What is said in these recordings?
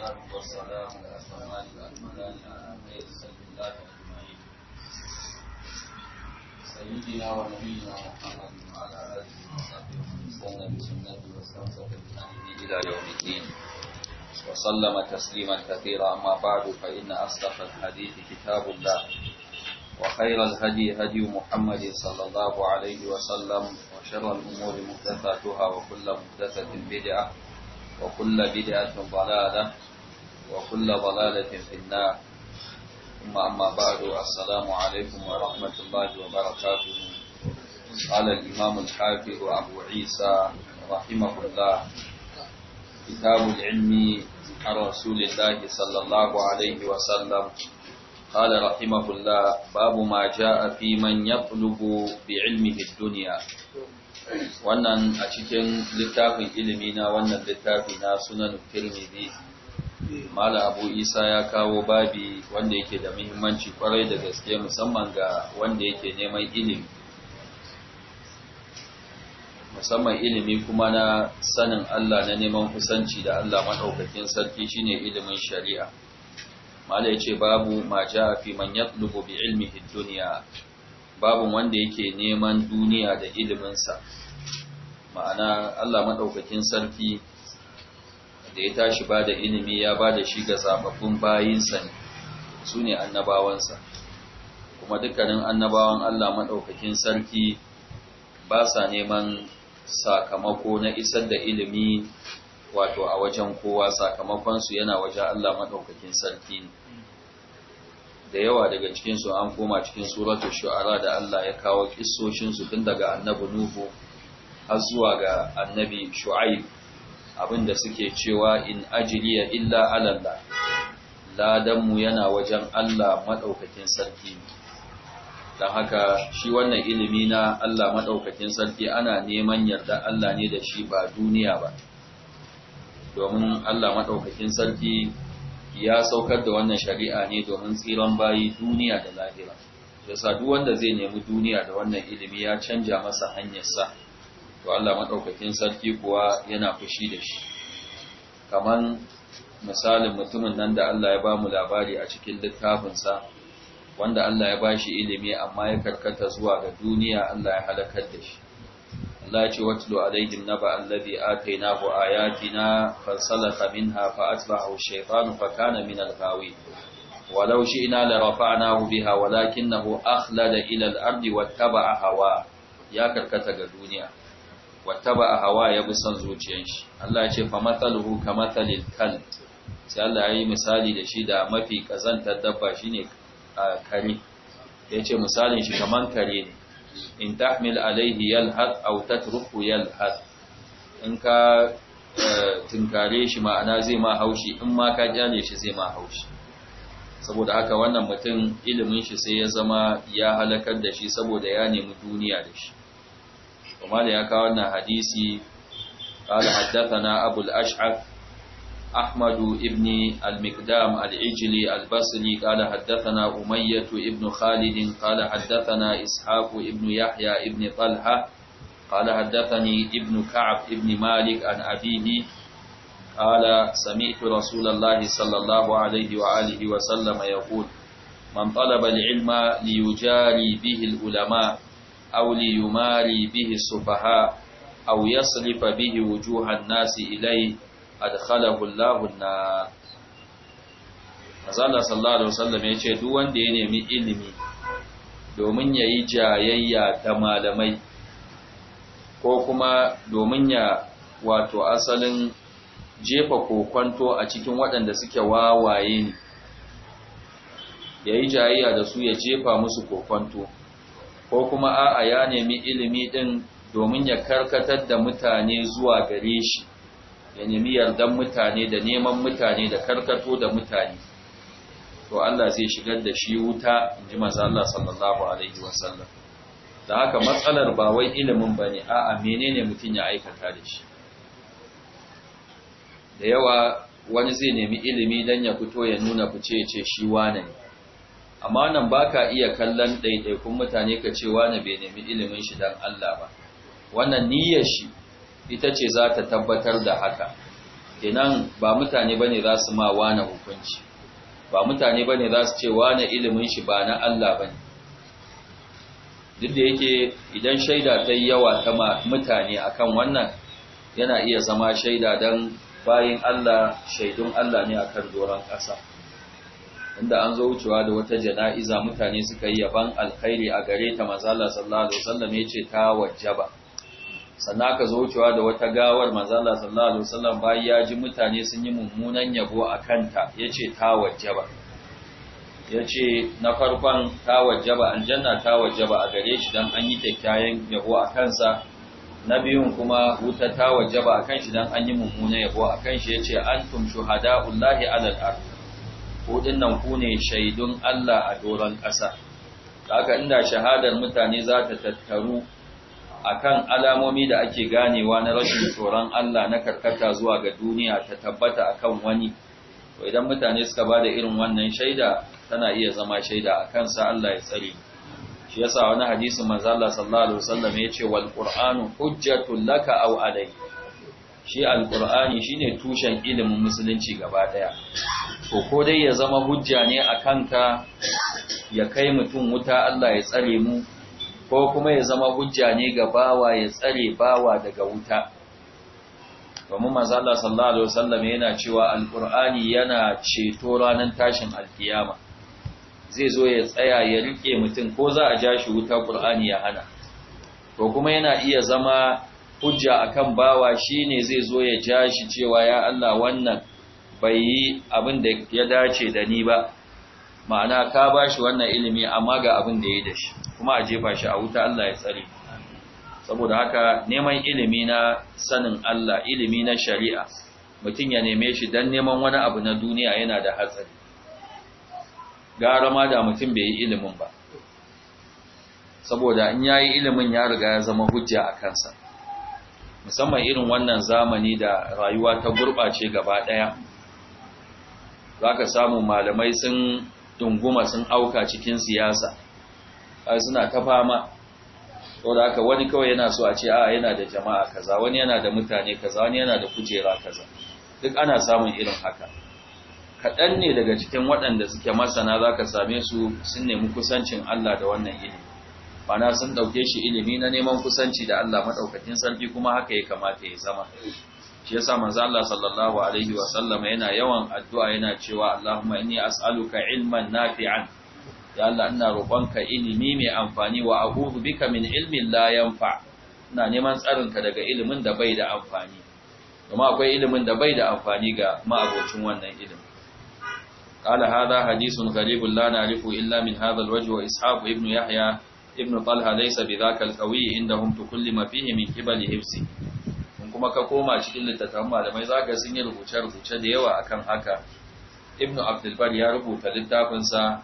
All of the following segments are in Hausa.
والصلاة والسلام الأسرمان الأكملان على خير سلم الله سيدنا ونبينا محمد وعلى آله وصحبه ومن بسنته واستمسك بهديه إلى يوم الدين وسلم تسليما كثيرا أما بعد فإن أصدق الحديث كتاب الله وخير الهدي هدي محمد صلى الله عليه وسلم وشر الأمور محدثاتها وكل محدثة بدعة وكل بدعة ضلالة وكل ضلالة في النار ثم أما بعد السلام عليكم ورحمة الله وبركاته قال الإمام الحافظ أبو عيسى رحمه الله كتاب العلم عن رسول الله صلى الله عليه وسلم قال رحمه الله باب ما جاء في من يطلب بعلمه الدنيا wannan a cikin littafin ilimi na wannan littafi na sunan tirmidhi mala abu isa ya kawo babi wanda yake da muhimmanci kwarai da gaske musamman ga wanda yake neman ilimi musamman ilimi kuma na sanin Allah na neman kusanci da Allah maɗaukakin sarki shine ilimin shari'a mala ya ce babu ma ja fi man yatlubu bi ilmihi duniya babu wanda yake neman duniya da iliminsa ma'ana Allah maɗaukakin sarki da ya tashi ba da ilimi ya ba da shi ga zaɓaɓɓun bayinsa ne su ne annabawansa kuma dukkanin annabawan Allah maɗaukakin sarki ba sa neman sakamako na isar da ilimi wato a wajen kowa sakamakonsu yana wajen Allah maɗaukakin sarki ne da yawa daga cikinsu an koma cikin suratu shu'ara da Allah ya kawo kissoshinsu tun daga annabi Nuhu har zuwa ga annabi Shu'aib da suke cewa in ajiliya illa alalla, ladanmu yana wajen Allah maɗaukakin sarki don haka shi wannan ilimi na Allah maɗaukakin sarki ana neman yarda Allah ne da shi ba duniya ba domin Allah maɗaukakin sarki ya saukar da wannan shari'a ne domin tsiran bayi duniya da lahira da duk wanda zai nemi duniya da wannan ilimi ya canja masa sa to Allah madaukakin sarki kuwa yana fushi da shi kaman misalin mutumin nan da Allah ya ba mu labari a cikin littafinsa wanda Allah ya ba shi ilimi amma ya karkata zuwa ga duniya Allah ya halakar da shi Allah ya ce watlu alaihim naba alladhi atainahu ayatina fansalakha minha fa asbahu ash-shaytanu fa kana min al-ghawin ولو شئنا لرفعناه بها ولكنه أخلد إلى الأرض واتبع hawa ya karkata ga duniya a hawa ya bi son zuciyar shi Allah ce fa ka matalil kal sai Allah ya misali da shi da mafi kazantar dabba shine kare yace misalin shi kaman kare ne in tahmil alaihi yalhad aw tatruhu yalhad in ka e, tinkare shi ma'ana zai ma haushi in ma ka jane shi zai ma haushi saboda haka wannan mutum ilimin shi sai ya zama ya halakar da shi saboda ya nemi duniya da shi وما لي ya حديثي قال حدثنا أبو الأشعث أحمد ابن المقدام العجلي البصري قال حدثنا أمية ابن خالد قال حدثنا إسحاق ابن يحيى ابن طلحة قال حدثني ابن كعب ابن مالك عن أبيه قال سمعت رسول الله صلى الله عليه وآله وسلم يقول من طلب العلم ليجاري به العلماء أو ليماري به السفهاء أو يصرف به وجوه الناس إليه أدخله الله النار Azalla sallallahu Alaihi wasallam ya ce, Duk wanda ya nemi ilimi domin ya yi jayayya da malamai, ko kuma domin ya wato asalin jefa kokwanto a cikin waɗanda suke wawaye ne, ya yi jayayya da su ya jefa musu kokwanto. ko kuma a'a ya nemi ilimi din domin ya karkatar da mutane zuwa gare shi ya nemi yardan mutane da neman mutane da karkato da mutane to Allah zai shigar da shi wuta in ji manzo Allah sallallahu alaihi wasallam da haka matsalar ba wai ilimin bane a'a menene mutun ya aikata da shi da yawa wani zai nemi ilimi dan ya fito ya nuna fice ya ce shi wane ne amma nan ka iya kallon ɗaiɗaikun mutane ka ce wani bai nemi ilimin shi don Allah ba wannan niyyar shi ita ce za ta tabbatar da haka kenan ba mutane ba ne za su ma wani hukunci ba mutane ba ne za su ce wani ilimin shi ba na Allah ba ne? duk da yake idan shaida ta yi yawa ta mutane akan wannan yana iya zama shaida don bayin Allah shaidun Allah ne akan doron ƙasa inda an zo wucewa da wata jana'iza mutane suka yi yaban alkhairi a gare ta manzala sallallahu alaihi wasallam yace ta wajaba sannan aka zo wucewa da wata gawar manzala sallallahu alaihi wasallam bayan ya ji mutane sun yi mummunan yabo a kanta yace ta wajaba yace na farkon ta wajaba aljanna ta wajaba a gare shi dan an yi kyakkyawan yabo a kansa na biyun kuma wuta ta wajaba a kan shi dan an yi mummunan yabo a kan shi yace antum shuhada'ullahi alal ardh Kuɗin dinnan ku ne shaidun Allah a doron ƙasa haka inda shahadar mutane za ta tattaru akan alamomi da ake ganewa na rashin tsoron Allah na karkata zuwa ga duniya ta tabbata akan wani to idan mutane suka bada irin wannan shaida tana iya zama shaida akan sa Allah ya tsare shi yasa wani hadisin manzo Allah sallallahu alaihi wasallam yace wal qur'anu hujjatul laka aw alai shi alkur'ani shine tushen ilimin musulunci gaba daya to ko dai ya zama hujja ne a ka ya kai mutum wuta Allah ya tsare mu ko kuma ya zama hujja ne ga bawa ya tsare bawa daga wuta kuma manzo Allah sallallahu alaihi wasallam yana cewa alkur'ani yana ceto ranar tashin alkiyama zai zo ya tsaya ya rike mutum ko za a ja shi wuta qur'ani ya hana ko kuma yana iya zama hujja akan bawa shine zai zo ya ja shi cewa ya Allah wannan bai yi abin da ya dace da ni ba ma'ana ka bashi wannan ilimi amma ga abin da ya da shi kuma a jefa shi a wuta Allah ya tsare saboda haka neman ilimi na sanin Allah ilimi na shari'a mutum ya neme shi dan neman wani abu na duniya yana da hatsari gara ma da mutum bai yi ilimin ba saboda in yayi ilimin ya riga ya zama hujja a kansa musamman irin wannan zamani da rayuwa ta gurɓace gaba ɗaya za ka samu malamai sun dunguma sun auka cikin siyasa a suna ta fama Ko da haka wani kawai yana so a ce a yana da jama'a kaza wani yana da mutane kaza wani yana da kujera kaza duk ana samun irin haka kaɗan ne daga cikin waɗanda suke masana za ka same su sun nemi kusancin Allah da wannan ilimi mana sun ɗauke shi ilimi na neman kusanci da Allah maɗaukakin sarki kuma haka ya kamata ya zama shi yasa manzo Allah sallallahu alaihi wa sallama yana yawan addu'a yana cewa Allahumma inni as'aluka ilman nafi'an ya Allah ina roƙonka ilimi mai amfani wa a'udhu bika min ilmin la yanfa ina neman tsarinka daga ilimin da bai da amfani kuma akwai ilimin da bai da amfani ga ma'abocin wannan ilimin قال هذا حديث غريب لا نعرفه إلا من هذا الوجه وإسحاق ابن يحيى ibn talha laysa bidhaka alqawi indahum tukullima fihi min qibali hifsi kun kuma ka koma cikin littattafan malamai zaka sun yi rubuce rubuce da yawa akan haka ibn abdul bar ya rubuta littafin sa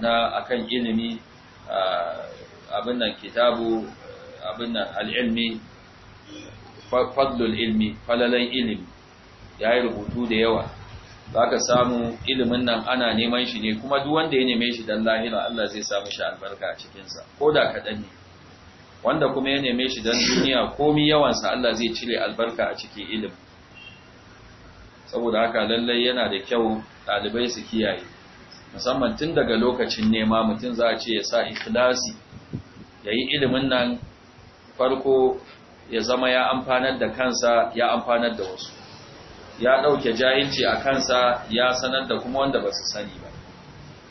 na akan ilimi abin nan kitabu abin nan al-ilmi fadlul ilmi falalai ilimi ya yi rubutu da yawa za samu ilimin nan ana neman shi ne kuma duk wanda ya neme shi dan lahira Allah zai samu shi albarka a cikinsa ko da kaɗan ne wanda kuma ya neme shi dan duniya komi sa Allah zai cire albarka a cikin ilimi saboda haka lallai yana da kyau ɗalibai su kiyaye musamman tun daga lokacin nema mutum za a ce ya sa ikhlasi yayi ilimin nan farko ya zama ya amfanar da kansa ya amfanar da wasu ya ɗauke jahilci a kansa ya sanar da kuma wanda ba su sani ba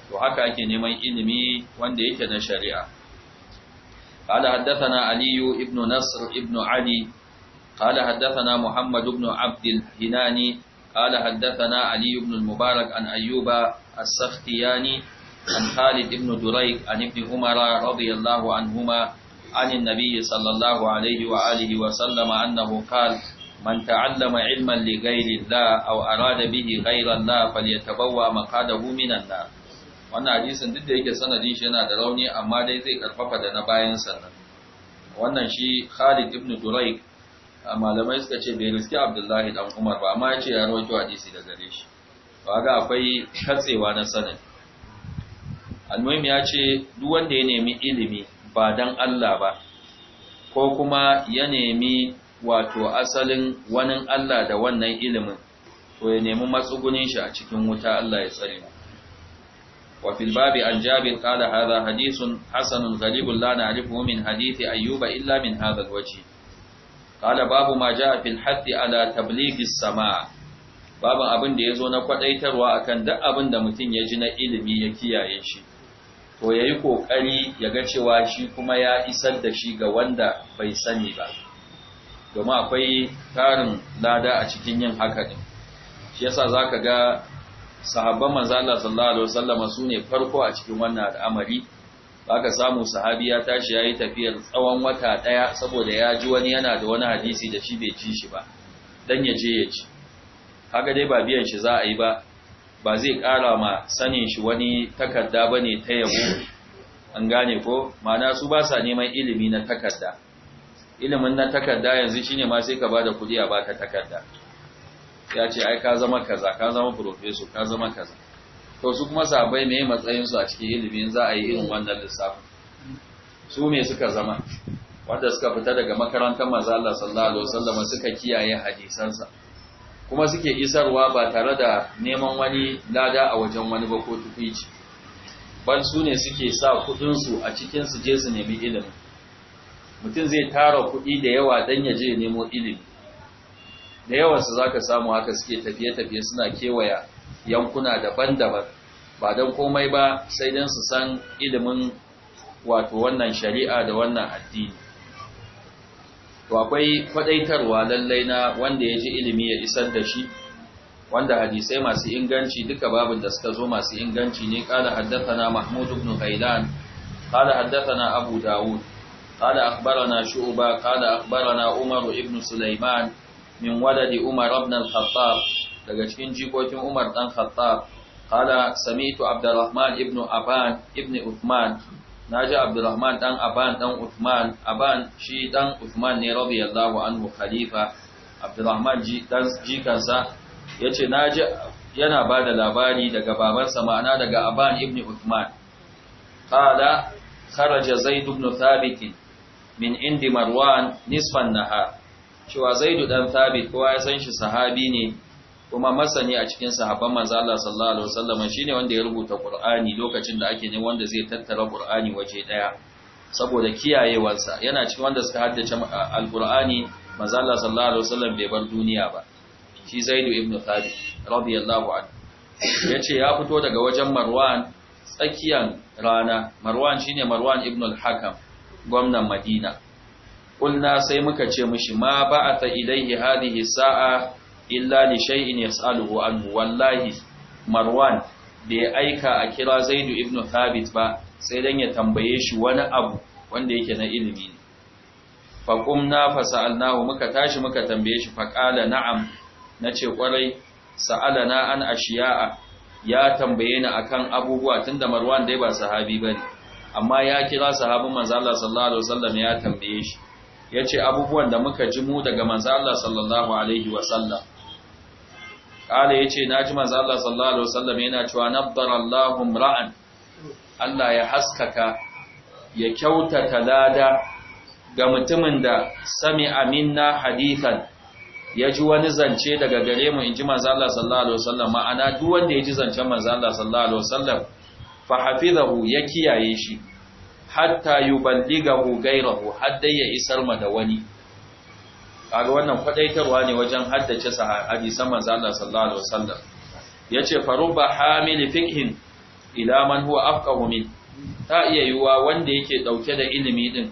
to haka ake neman ilimi wanda yake na shari'a قال حدثنا علي بن نصر بن علي قال حدثنا محمد بن عبد الهناني قال حدثنا علي بن المبارك عن أيوب السختياني عن خالد بن دريك عن ابن عمر رضي الله عنهما عن النبي صلى الله عليه وآله وسلم أنه قال من تعلم علما لغير الله أو أراد به غير الله فليتبوأ مقاده من النار wannan hadisin duk da yake sanadin shi yana da rauni amma dai zai karfafa da na bayan sannan wannan shi Khalid ibn Duraik malamai suka ce bai riski Abdullahi dan Umar ba amma yace ya rawaito hadisi da gare shi kaga akwai katsewa na sanadi Al-Muhim ya ce duk wanda ya nemi ilimi ba dan Allah ba ko kuma ya nemi wato asalin wani Allah da wannan ilimin to ya nemi matsugunin shi a cikin wuta Allah ya tsare mu wa fil babi an jabir qala hadha hadithun hasanun ghalibun la na'rifu min hadithi ayyuba illa min hadha alwaji qala babu ma jaa fil hadd ala tablighi samaa babu abin da yazo na kwadaitarwa akan duk abin da mutum ya ji na ilimi ya kiyaye shi to yayi kokari ya ga cewa shi kuma ya isar da shi ga wanda bai sani ba domin akwai karin lada a cikin yin haka din shi yasa zaka ga sahabban manzo Allah sallallahu alaihi wasallam sune farko a cikin wannan al'amari zaka samu sahabi ya tashi yayi tafiyar tsawon wata daya saboda ya ji wani yana da wani hadisi da shi bai ci shi ba dan ya je ya ci haka dai ba biyan shi za a yi ba ba zai kara ma sanin shi wani takarda bane ta yabo an gane ko ma'ana su ba sa neman ilimi na takarda ilimin na takarda yanzu shine ma sai ka bada kudi a baka takarda ya ce ai ka zama kaza ka zama professor ka zama kaza to su kuma sabai ne matsayin su a cikin ilimin za a yi irin wannan lissafin su me suka zama wanda suka fita daga makarantar manzo Allah sallallahu alaihi wasallam suka kiyaye hadisansa kuma suke isarwa ba tare da neman wani lada a wajen wani ba ko tukuici ban su ne suke sa kudin su a cikin su je su nemi ilimin mutum zai tara kuɗi da yawa don ya je nemo ilimi da yawansu za ka samu haka suke tafiye-tafiye suna kewaya yankuna daban-daban ba don komai ba sai don su san ilimin wato wannan shari'a da wannan addini to akwai kwadaitarwa lallai na wanda ya ji ilimi ya isar da shi wanda hadisai masu inganci duka babin da suka zo masu inganci ne haddata na mahmud ibn ghailan haddata na abu dawud قال أخبرنا شعبة قال أخبرنا عمر ابن سليمان من ولد عمر بن الخطاب لقد جيكوتين عمر بن الخطاب قال سمعت عبد الرحمن ابن أبان ابن عثمان ناجى عبد الرحمن دان أبان دان عثمان أبان شي دان عثمان رضي الله عنه خليفة عبد الرحمن جي دان جيكانسا yace naji yana bada labari daga babansa ma'ana daga Aban ibn Uthman qala kharaja Zaid ibn Thabit min indi marwan nisfan nahar cewa zaidu dan thabit kowa ya san shi sahabi ne kuma masani a cikin sahabban manzo Allah sallallahu alaihi wasallam shine wanda ya rubuta Qur'ani lokacin da ake ne wanda zai tattara Qur'ani waje daya saboda kiyayewarsa yana cikin wanda suka haddace al manzo Allah sallallahu alaihi wasallam bai bar duniya ba shi Zaidu ibn Thabit radiyallahu anhu yace ya fito daga wajen Marwan tsakiyan rana Marwan shine Marwan ibn al-Hakam gwamnan Madina kulna sai muka ce mishi ma ba'ata ilaihi hadihi sa'a illa li shay'in yas'aluhu anhu wallahi Marwan bai aika a kira Zaidu ibnu Thabit ba sai dan ya tambaye shi wani abu wanda yake na ilimi ne fa qumna fa sa'alnahu muka tashi muka tambaye shi fa qala na'am nace kwarai sa'alana an ashiya'a ya tambaye ni akan abubuwa tunda Marwan dai ba sahabi bane amma ya kira sahabin manzo Allah sallallahu alaihi wasallam ya tambaye shi yace abubuwan da muka ji mu daga manzo Allah sallallahu alaihi wasallam kale yace naji manzo Allah sallallahu alaihi wasallam yana cewa nabbara Allahu ra'an Allah ya haskaka ya kyautata lada ga mutumin da sami aminna hadithan ya ji wani zance daga gare mu ji manzo Allah sallallahu alaihi wasallam ma'ana duk wanda ya ji zancen manzo Allah sallallahu alaihi wasallam fahafizahu ya kiyaye shi hatta yuballighahu har hadda ya isar ma da wani kaga wannan fadaitarwa ne wajen haddace hadisan manzo Allah sallallahu alaihi wasallam yace faruba hamil fiqhin ila man huwa afqahu min ta iya yuwa wanda yake dauke da ilimi din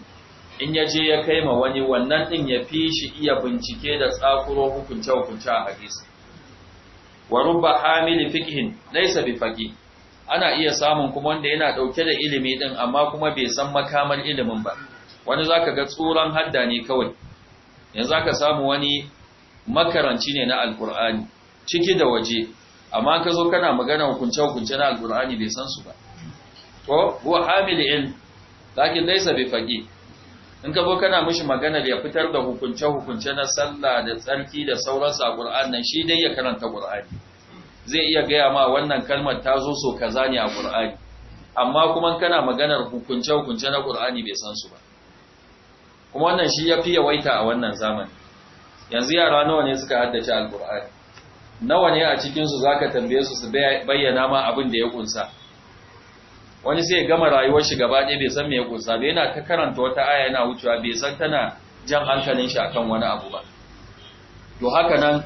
in ya je ya kai ma wani wannan din ya fi shi iya bincike da tsakuro hukunce hukunce a hadisi wa rubba hamil fiqhin laysa bi faqih ana iya samun kuma wanda yana dauke da ilimi din amma kuma bai san makamar ilimin ba wani zaka ga tsuran hadda ne kawai yanzu zaka samu wani makaranci ne na alkur'ani ciki da waje amma ka zo kana magana hukunce hukunce na alkur'ani bai san su ba to huwa hamil in lakin laysa bi faqi in ka zo kana mishi magana ya fitar da hukunce hukunce na sallah da tsarki da sauransu a qur'an nan shi dai ya karanta qur'ani zai iya gaya ma wannan kalmar ta zo so kaza ne a ƙur'ani, amma kuma kana maganar hukunce hukunce na Qur'ani bai san su ba kuma wannan shi yafi yawaita a wannan zamani yanzu yara nawa ne suka haddace al-Qur'ani nawa ne a cikin su zaka tambaye su su bayyana ma abin da ya ƙunsa? wani sai gama rayuwar shi gaba ɗaya bai san me ya kunsa ba yana ta karanta wata aya yana wucewa bai san tana jan hankalin shi akan wani abu ba to haka nan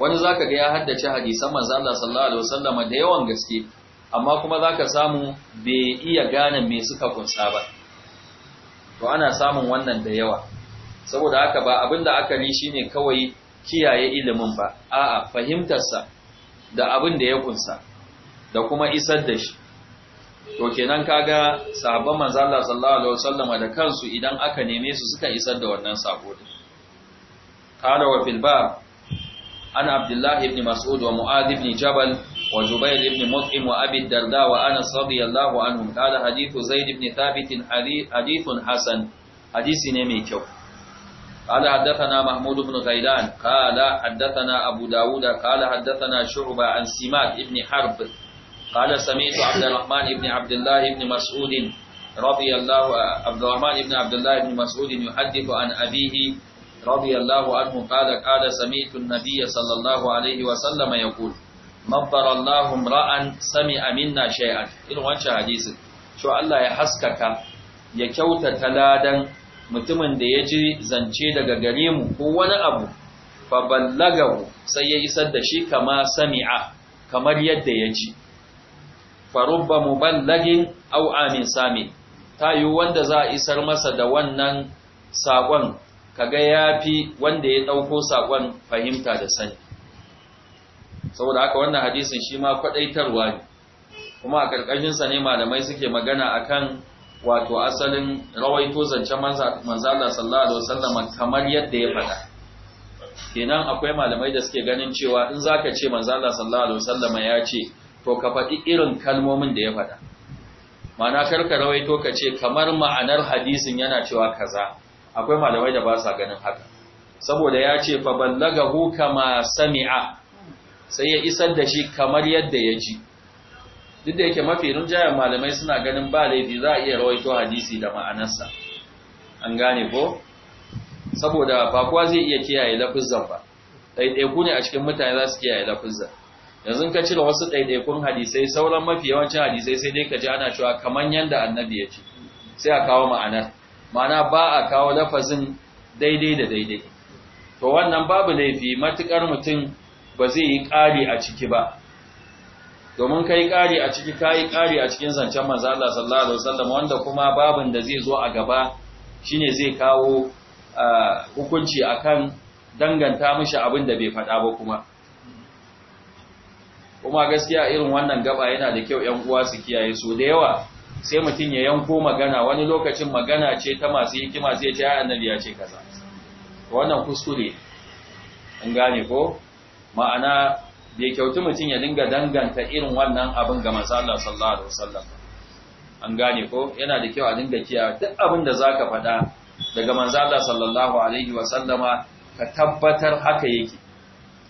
wani zaka ga ya haddace hadisan manzo Allah sallallahu alaihi wasallam da yawan gaske amma kuma zaka samu bai iya gane me suka kunsa ba to ana samun wannan da yawa saboda haka ba abinda aka li shine kawai kiyaye ilimin ba a'a sa da abin da ya kunsa da kuma isar da shi to kenan kaga sahabban manzo Allah sallallahu alaihi wasallam da kansu idan aka neme su suka isar da wannan sako din qala wa fil عن عبد الله بن مسعود ومعاذ بن جبل وجبير بن مطعم وأبي الدرداء وأنس رضي الله عنهم قال حديث زيد بن ثابت حديث حسن حديث نميكو قال حدثنا محمود بن غيلان قال حدثنا أبو داود قال حدثنا شعبة عن سمات بن حرب قال سمعت عبد الرحمن بن عبد الله بن مسعود رضي الله عبد الرحمن بن عبد الله بن مسعود يحدث عن أبيه رضي الله عنه قال قال سمعت النبي صلى الله عليه وسلم يقول مبر الله امرا سمع منا شيئا irin wancan hadisin cewa Allah ya haskaka ya kyautata ladan mutumin da ya ji zance daga gare ko wani abu fa ballagahu sai ya isar da shi kama sami'a kamar yadda ya ji fa rubba muballagin aw amin sami ta wanda za a isar masa da wannan sakon kaga fi wanda ya ɗauko sakon fahimta da sani saboda haka wannan hadisin shi ma kwadaitarwa ne kuma a karkashin ne malamai suke magana akan wato asalin rawaito zance manzo Allah sallallahu alaihi wasallam kamar yadda ya faɗa kenan akwai malamai da suke ganin cewa in zaka ce manzo Allah sallallahu alaihi wasallam ya ce to ka faɗi irin kalmomin da ya faɗa ma'ana ka rawaito ka ce kamar ma'anar hadisin yana cewa kaza akwai malamai da ba sa ganin haka saboda ya ce fa ballagahu kama sami'a sai ya isar da shi kamar yadda ya ji duk da yake mafi rinjayen malamai suna ganin ba laifi za a iya rawaito hadisi da ma'anarsa an gane ko saboda ba kowa zai iya kiyaye lafizan ba ɗaiɗaiku ne a cikin mutane za su kiyaye lafizan yanzu ka cire wasu ɗaiɗaikun hadisai sauran mafi yawancin hadisai sai dai ka ji ana cewa kamar yadda annabi ya ce sai a kawo ma'anar mana ba a kawo lafazin daidai da daidai to wannan babu laifi matukar mutum ba zai yi ƙari a ciki ba domin kai ƙari a ciki kai ƙari a cikin zancen manzo Allah sallallahu alaihi wasallam wanda kuma babin da zai zo a gaba shine zai kawo hukunci akan danganta mishi abin da bai faɗa ba kuma kuma gaskiya irin wannan gaba yana da kyau 'yan uwa su kiyaye su da yawa sai mutum ya yanko magana wani lokacin magana ce ta masu hikima zai ce nabi ya ce kaza wannan kuskure an gane ko ma'ana bai kyautu mutum ya dinga danganta irin wannan abin ga manzo Allah sallallahu alaihi wasallam an gane ko yana da kyau a dinga kiyaye duk abin da zaka faɗa daga manzo Allah sallallahu alaihi wasallama ka tabbatar haka yake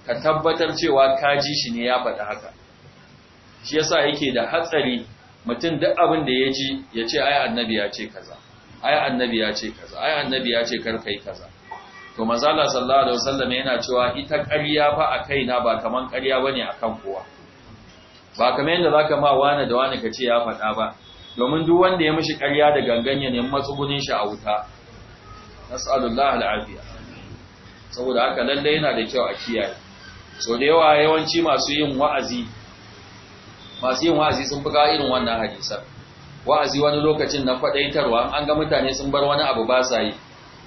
ka tabbatar cewa ka ji shi ne ya faɗi haka shi yasa yake da hatsari mutum duk abin da ya ji ya ce ai annabi ya ce kaza ai annabi ya ce kaza ai annabi ya ce kar kai kaza to manzala sallallahu alaihi wasallam yana cewa ita ƙarya fa a kaina ba kaman ƙarya bane akan kowa ba kamar yanda zaka ma wani da wani kace ya faɗa ba domin duk wanda ya mishi ƙarya da ganganya ne matsugunin shi a wuta nas'alullahi al'afiya saboda haka lalle yana da kyau a kiyaye so da yawa yawanci masu yin wa'azi masu yin wa'azi sun fi kawo irin wannan hadisan wa'azi wani lokacin na faɗaitarwa an ga mutane sun bar wani abu ba sa yi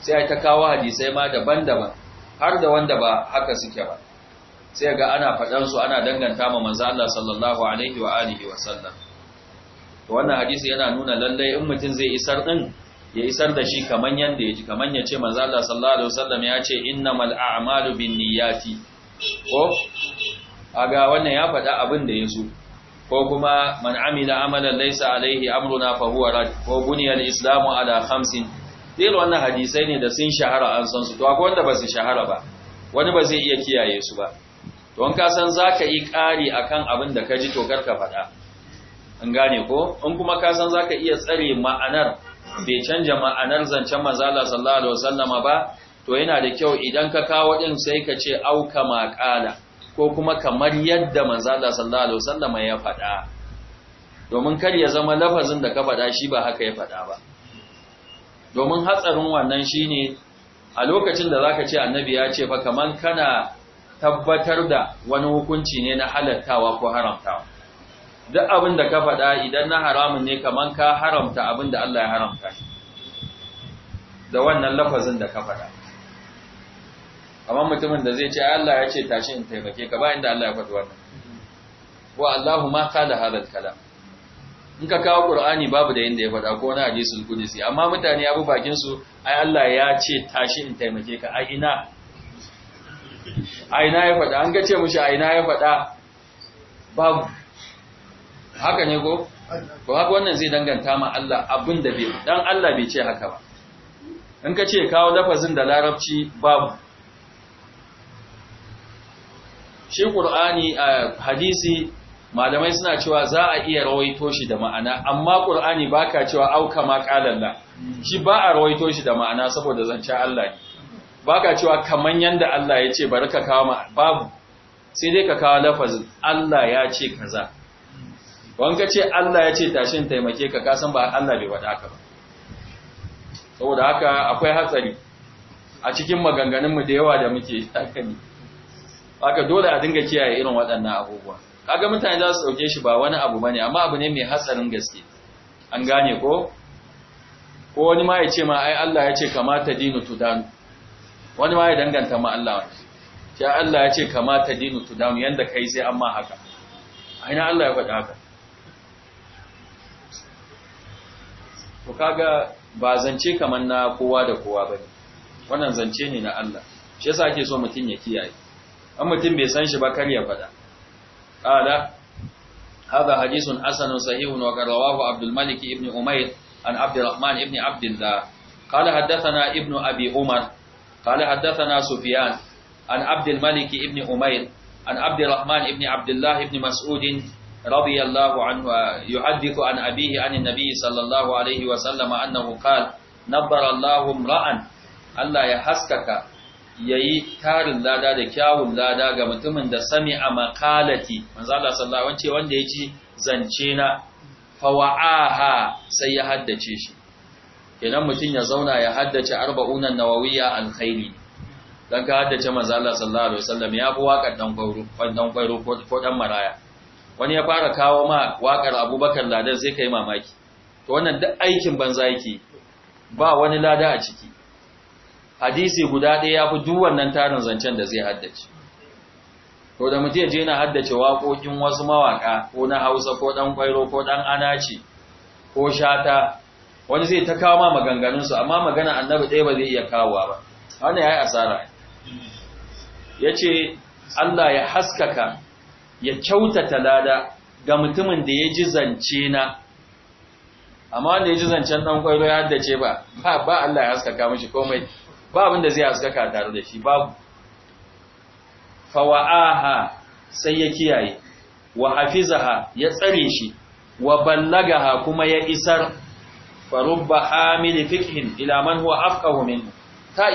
sai ta kawo hadisai ma daban-daban har da wanda ba haka suke ba sai ga ana faɗan su ana danganta ma manzo Allah sallallahu alaihi wa alihi wa sallam wannan hadisi yana nuna lalle in mutum zai isar din ya isar da shi kaman yanda yaji kaman ya ce manzo Allah sallallahu alaihi wa sallam ya ce innamal a'malu binniyati ko aga wannan ya faɗa abin da yazo ko kuma man amila amalan laysa alaihi amruna fa huwa rad ko buniyal islamu ala khamsin dai wannan hadisai ne da sun shahara an san su to akwai wanda ba su shahara ba wani ba zai iya kiyaye su ba to in ka san zaka yi kari akan abin da ka ji to karka faɗa an gane ko in kuma ka san zaka iya tsare ma'anar bai canja ma'anar zancen manzo Allah sallallahu alaihi wasallama ba to yana da kyau idan ka kawo din sai ka ce auka maƙala. ko kuma kamar yadda manzala sallallahu alaihi wasallam ya faɗa domin kar ya zama lafazin da ka faɗa shi ba haka ya faɗa ba domin hatsarin wannan shine a lokacin da zaka ce annabi ya ce fa kaman kana tabbatar da wani hukunci ne na halattawa ko haramtawa duk abin da ka faɗa idan na haramun ne kaman ka haramta abin da Allah ya haramta da wannan lafazin da ka faɗa amma mutumin da zai ce Allah ya ce tashi in taimake ka ba inda Allah ya faɗi wannan wa Allahu ma qala hadal kalam in ka kawo Qur'ani babu da inda ya faɗa ko na hadisul qudsi amma mutane abu bakin su ai Allah ya ce tashi in taimake ka ai ina ai ina ya faɗa an ga ce mushi ai ina ya faɗa babu haka ne ko ko haka wannan zai danganta ma Allah abin da bai dan Allah bai ce haka ba in ka ce kawo lafazin da larabci babu shi qur'ani hadisi malamai suna cewa za a iya rawaito shi da ma'ana amma qur'ani baka cewa au kama qalalla shi ba a rawaito shi da ma'ana saboda zancen Allah ne baka cewa kaman yanda Allah ya ce bari ka kawo babu sai dai ka kawo lafazin Allah ya ce kaza ka ce Allah ya ce tashin taimake ka kasan ba Allah bai wada ka ba saboda haka akwai hatsari a cikin maganganunmu da yawa da muke takani haka dole a dinga kiyaye irin waɗannan abubuwa kaga mutane za su dauke shi ba wani abu bane amma abu ne mai hatsarin gaske an gane ko ko wani ma ya ce ma ai Allah ya ce kamata dinu tudan wani ma ya danganta ma Allah ya Allah ya ce kamata dinu tudan yanda kai sai amma haka aina Allah ya faɗa haka to kaga ba zance kaman na kowa da kowa bane wannan zance ne na Allah shi yasa ake so mutun ya kiyaye an mutum bai san shi ba kar ya fada ƙada haka hadisun asanin sahihun wa garawahu abdulmalik umair an abdurrahman ibn abdullah qala haddathana ibn abi umar qala haddathana sufyan an abdulmalik ibn umair an abdurrahman ibn abdullah ibn mas'ud radiyallahu anhu yuhaddithu an abihi an an-nabi sallallahu alayhi wa sallam annahu qala nabbara allahu imra'an alla yahaskaka Ya yi tarin lada da kyawun lada ga mutumin da sami a makalati. Allah sallallahu alaihi wanda wanda yaji zance na fawa'aha sai ya haddace shi kenan mutum ya zauna ya haddace arba'unan nawawiyya alkhairi dan ka haddace manzo Allah sallallahu alaihi wasallam ya bu waƙar dan kwairo ko dan maraya wani ya fara kawo ma waƙar Abubakar Ladan sai kai mamaki to wannan duk aikin banza yake ba wani lada a ciki hadisi guda ɗaya ya fi duk wannan tarin zancen da zai haddace to da mutum je na haddace waƙoƙin wasu mawaƙa ko na hausa ko ɗan ƙwairo ko ɗan anaci ko shata wani zai ta kawo ma maganganunsu amma magana annabi ɗaya ba zai iya kawowa ba wani ya yi asara ya ce allah ya haskaka ya kyautata lada ga mutumin da ya ji zance na amma wanda ya ji zancen ɗan ƙwairo ya haddace ba ba allah ya haskaka mashi komai ba da zai haskaka tare da shi babu fawa'aha sai ya kiyaye wa hafizaha ya tsare shi wa ballagaha kuma ya isar farubba hamil fiqhin ila man huwa afqahu min ta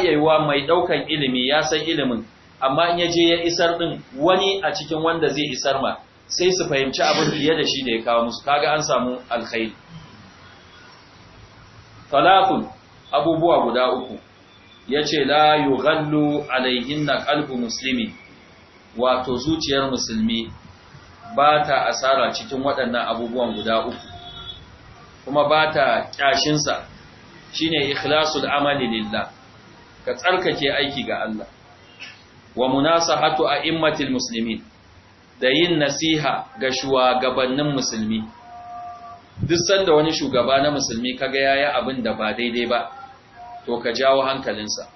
mai daukan ilimi ya san ilimin amma in yaje ya isar din wani a cikin wanda zai isar ma sai su fahimci abin fiye da shi da ya kawo musu kaga an samu alkhairi talafun abubuwa guda uku ya ce la yi ghallu alaihin na kalbu musulmi wato zuciyar musulmi ba ta asara cikin waɗannan abubuwan guda uku kuma ba ta ƙyashinsa shi ne ikhlasul amali lillah ka tsarkake aiki ga Allah wa munasahatu a immatil musulmi da yin nasiha ga shugabannin musulmi duk sanda wani shugaba na musulmi kaga yayi abin da ba daidai ba to ka jawo hankalinsa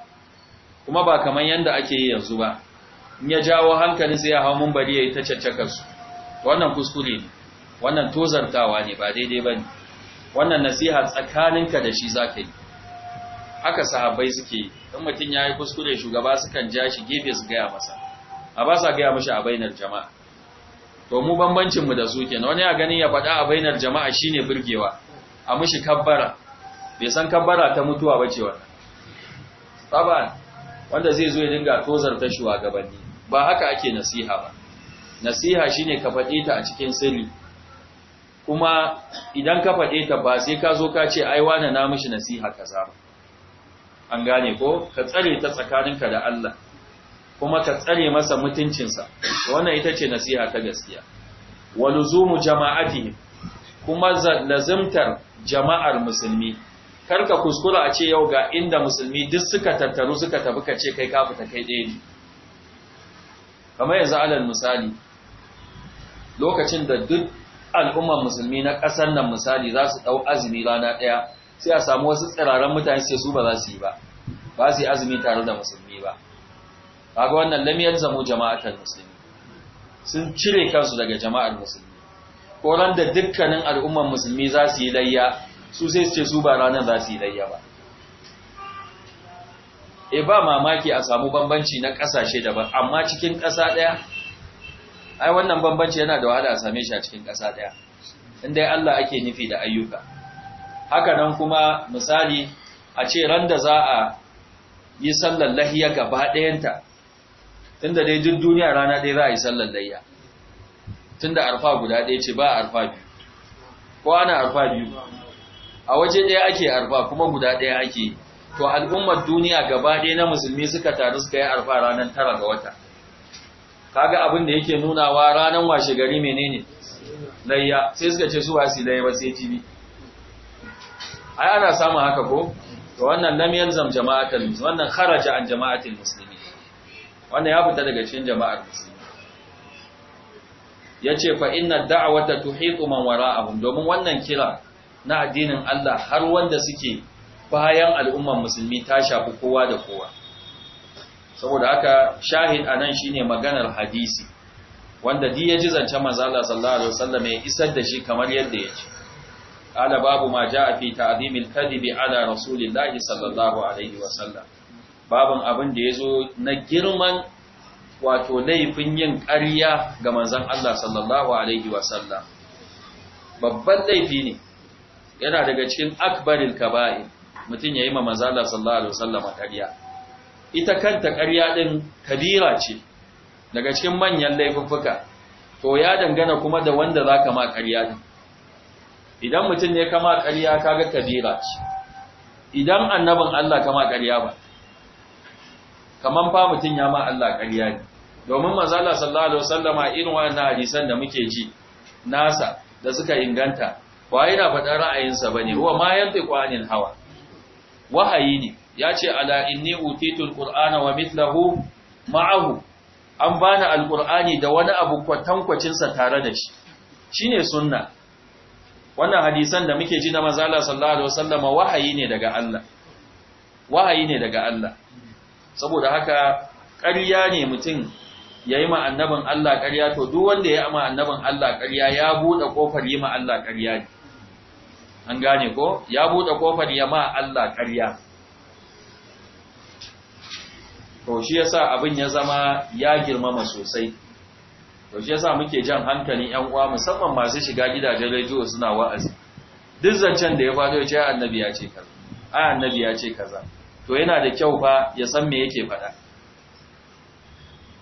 kuma ba kamar yanda ake yi yanzu ba in ya jawo hankalin hankalinsa ya hau mumbari ya yi ta caccakar su wannan kuskure ne wannan tozartawa ne ba daidai ba ne wannan nasiha tsakaninka da shi za ka yi haka sahabbai suke yi in mutum ya yi kuskure shugaba sukan ja shi gefe su gaya masa a ba sa gaya mashi a bainar jama'a to mu mu da su kenan wani ya gani ya faɗa a bainar jama'a shine burgewa a mushi kabbara bai san kabbara ta mutuwa ba ce wannan wanda zai zo ya dinga tozar ta gabanni. ba haka ake nasiha ba nasiha shine ka faɗe ta a cikin sirri kuma idan ka faɗe ta ba sai ka zo ka ce ai wani na mishi nasiha kaza an gane ko ka tsare ta tsakaninka da Allah kuma ka tsare masa mutuncinsa wannan ita ce nasiha ta gaskiya waluzumu jama'atihim kuma lazimtar jama'ar musulmi karka kuskura a ce yau ga inda musulmi duk suka tattaru suka tafi ka ce kai kafu ta kai ɗaya ne kamar yanzu alal misali lokacin da duk al'ummar musulmi na ƙasar nan misali za su ɗau azumi rana ɗaya sai a samu wasu tsiraren mutane sai su ba za su yi ba ba su yi azumi tare da musulmi ba kaga wannan lamiyar zamu jama'atar musulmi sun cire kansu daga jama'ar musulmi koran da dukkanin al'ummar musulmi za su yi layya su sai su ce su ba ranar za su yi layya ba e ba mamaki a samu bambanci na ƙasashe daban amma cikin ƙasa ɗaya ai wannan bambanci yana da wahala a same shi a cikin ƙasa ɗaya inda Allah ake nufi da ayyuka haka nan kuma misali a ce ran da za a yi sallar lahiya gaba ɗayanta tunda dai duk duniya rana ɗaya za a yi sallar lahiya tunda arfa guda ɗaya ce ba arfa biyu ko ana arfa biyu a waje ɗaya ake arfa kuma guda ɗaya ake to al'ummar duniya gaba ɗaya na musulmi suka taru suka yi arfa ranar tara ga wata kaga abin da yake nunawa ranar washe gari menene layya sai suka ce su wasi layya ba sai jibi ai ana samun haka ko to wannan lam yalzam jama'atul muslimin wannan kharaja an jama'atul muslimin wannan ya fita daga cikin jama'ar musulmi yace fa inna da'wata tuhiqu man wara'ahum domin wannan kira na addinin Allah har wanda suke bayan al'umman musulmi ta shafi kowa da kowa saboda haka shahid anan shine maganar hadisi wanda di ya ji zance manzo Allah sallallahu alaihi wasallam ya isar da shi kamar yadda ya ce ala babu ma a fi ta'zim al-kadhibi ala rasulillahi sallallahu alaihi wasallam babun abin da yazo na girman wato laifin yin ƙarya ga manzon Allah sallallahu alaihi wasallam babban laifi ne yana daga cikin akbaril kaba'ir mutum yayi ma manzo Allah sallallahu alaihi wasallam ƙarya ita kanta ƙarya din kabira ce daga cikin manyan laifuffuka to ya dangana kuma da wanda zaka ma ƙarya din idan mutum ne kama ƙarya kaga kabira ce idan annabin Allah kama ƙarya ba kaman fa mutum ya ma Allah ƙarya ne domin manzo Allah sallallahu alaihi wasallama irin wannan hadisan da muke ji nasa da suka inganta ba na faɗa ra'ayinsa ba ne huwa ma yantiqu kwanin hawa wahayi ne ya ce ala inni utitul ƙul'ana wa mitlahu ma'ahu an bani alqur'ani da wani abu kwatankwacinsa tare da shi Shi ne sunna wannan hadisan da muke ji na mazala sallallahu alaihi wahayi ne daga Allah saboda haka ƙarya ne mutum ya yi ma’annabin Allah ƙarya to duk wanda ya yi ma’annabin Allah ƙarya ya buɗe ƙofar yi ma Allah ƙarya ne an gane ko ya buɗe kofar ya ma Allah ƙarya to shi yasa abin ya zama ya girmama sosai to shi yasa muke jan hankali ƴan uwa musamman masu shiga gidajen rediyo suna wa'azi duk zancen da ya faɗo ya ce annabi ya ce kaza ai annabi ya ce kaza to yana da kyau fa ya san me yake faɗa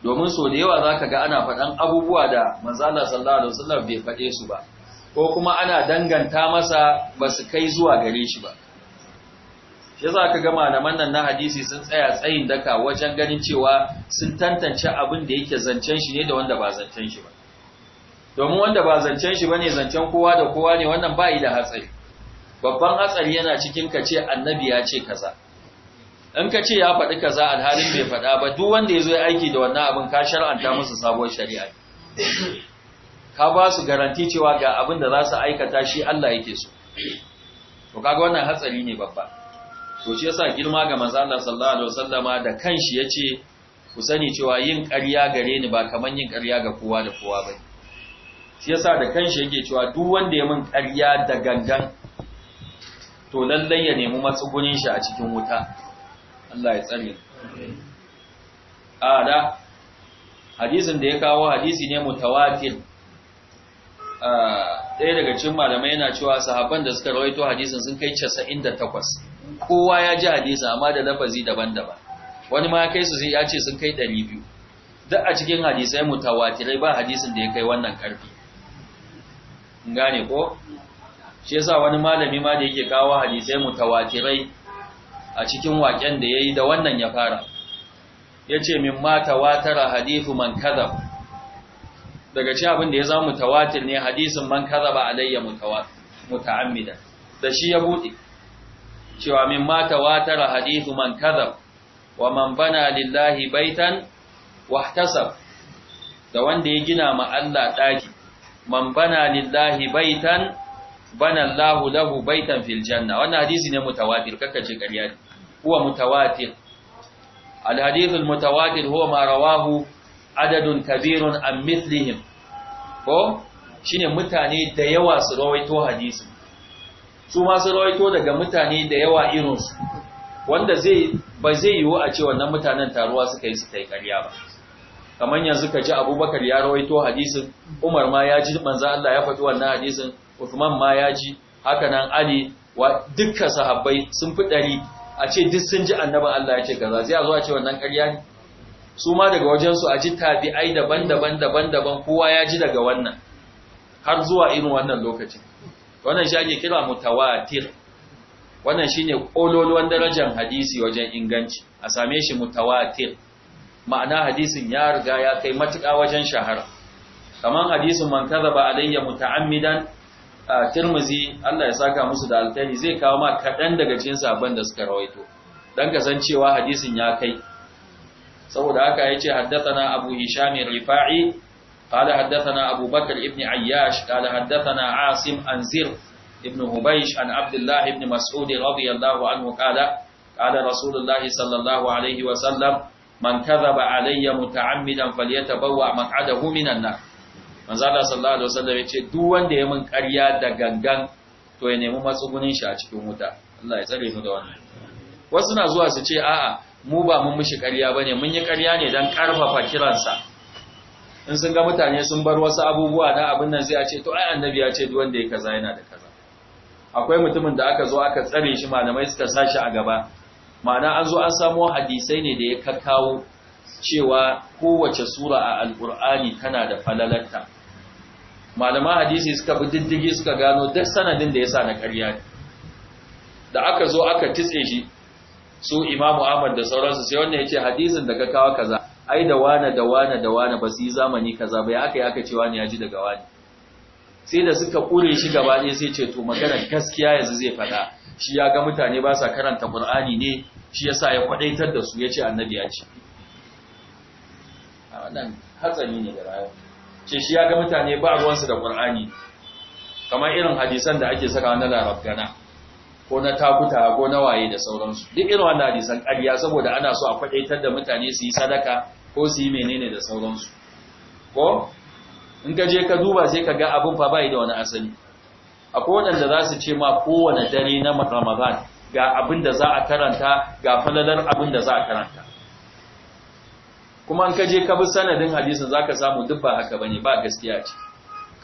domin so da yawa zaka ga ana faɗan abubuwa da manzo Allah sallallahu alaihi wasallam bai faɗe su ba ko kuma ana danganta masa ba su kai zuwa gare shi ba shi za ka ga malaman nan na hadisi sun tsaya tsayin daka wajen ganin cewa sun tantance abin da yake zancen shi ne da wanda ba zancen shi ba domin wanda ba zancen shi ba ne zancen kowa da kowa ne wannan ba yi da hatsari babban hatsari yana cikin ka ce annabi ya ce kaza in ka ce ya faɗi kaza alhalin bai faɗa ba duk wanda ya zo ya aiki da wannan abin ka shar'anta musu sabuwar shari'a ka ba su garanti cewa ga abin da za su aikata shi Allah yake so to kaga wannan hatsari ne babba to shi yasa girma ga manzo Allah sallallahu alaihi wasallama da kanshi yace ku sani cewa yin ƙarya gare ni ba kaman yin ƙarya ga kowa da kowa ba shi yasa da kanshi yake cewa duk wanda ya min ƙarya da gangan to lallai ya nemi matsugunin shi a cikin wuta Allah ya tsare ada hadisin da ya kawo hadisi ne mutawatir ɗaya daga cikin malamai yana cewa sahabban da suka rawaito hadisin sun kai 98 kowa ya ji hadisin amma da lafazi daban-daban wani ma ya kai su ya ce sun kai 200 duk a cikin hadisai mutawatirai ba hadisin da ya kai wannan karfi gane ko shi yasa wani malami ma da yake kawo hadisai mutawatirai a cikin waken da yayi da wannan ya fara yace min ma tawatara hadithu man kadhab daga ci abin da ya zama mutawatir ne hadisin man kazaba alayya muta'ammida da shi ya bude cewa min ma tawatara hadithu man kazab wa man bana lillahi baitan wahtasab da wanda ya gina ma Allah daki man bana lillahi baitan bana Allahu lahu baitan fil janna wannan hadisi ne mutawatir kaka ce ƙarya huwa mutawatir al hadithul mutawatir huwa ma rawahu adadun kabirun an mithlihim ko shine mutane da yawa su rawaito hadisi su ma su rawaito daga mutane da yawa su wanda zai ba zai yiwu a ce wannan mutanen taruwa suka yi su ta ƙarya ba kamar yanzu ka ji abubakar ya rawaito hadisin umar ma ya ji manzo Allah ya faɗi wannan hadisin Uthman ma ya ji haka nan Ali wa dukkan sahabbai sun fi ɗari a ce duk sun ji annabin Allah ya ce kaza sai a zo a ce wannan ƙarya ne su ma daga wajensu a ji tabi'ai daban-daban daban-daban kowa ya ji daga wannan har zuwa irin wannan lokacin wannan shi ake kira mutawatir wannan shine kololuwan darajar hadisi wajen inganci a same shi mutawatir ma'ana hadisin ya riga ya kai matuƙa wajen shahara Kamar hadisin man kadaba alayya muta'ammidan Tirmizi Allah ya saka musu da alkhairi zai kawo ma kaɗan daga cikin sabon da suka rawaito dan kasancewa hadisin ya kai saboda haka yace haddathana abu hisham rifa'i qala haddathana abu bakr ibn ayyash qala haddathana asim anzir ibn hubaysh an abdullah ibn mas'ud radiyallahu anhu qala qala rasulullahi sallallahu alaihi wa sallam man kadhaba alayya muta'ammidan falyatabawwa maq'adahu minan nar manzo Allah sallallahu alaihi wasallam yace duk wanda ya min ƙarya da gangan to ya nemi matsugunin shi a cikin wuta Allah ya tsare mu da wannan wasu na zuwa su ce a'a mu ba mun mishi ƙarya ba ne mun yi ƙarya ne don ƙarfafa kiransa in sun ga mutane sun bar wasu abubuwa na abin nan sai a ce to ai annabi ya ce duwanda ya kaza yana da kaza akwai mutumin da aka zo aka tsare shi malamai suka sashi a gaba ma'ana an zo an samo hadisai ne da ya kakkawo cewa kowace sura a alƙur'ani tana da falalarta malaman hadisi suka bi diddigi suka gano duk sanadin da ya sa na ƙarya da aka zo aka titse shi su imamu ahmad da sauransu sai wannan ya ce hadisin da ka kawo kaza ai da wane da wane da wane ba su yi zamani kaza ba ya aka yi aka ce wani ya ji daga wani sai da suka ƙure shi gaba ɗaya sai ce to magana gaskiya yanzu zai faɗa shi ya ga mutane ba sa karanta ƙur'ani ne shi yasa ya kwaɗaitar da su ya ce annabi ya ce wannan hatsari ne da rayuwa ce shi ya ga mutane ba ruwansu da Al-Qur'ani? kamar irin hadisan da ake saka na larabgana ko na takuta ko na waye da sauransu duk irin wannan hadisan ƙarya saboda ana so a faɗaitar da mutane su yi sadaka ko su yi menene da sauransu ko in ka je ka duba sai ka ga abin fa bai da wani asali akwai waɗanda za su ce ma kowane dare na ramadan ga abin da za a karanta ga falalar abin da za a karanta kuma in ka je ka bi sanadin hadisin zaka samu duk ba haka bane ba gaskiya ce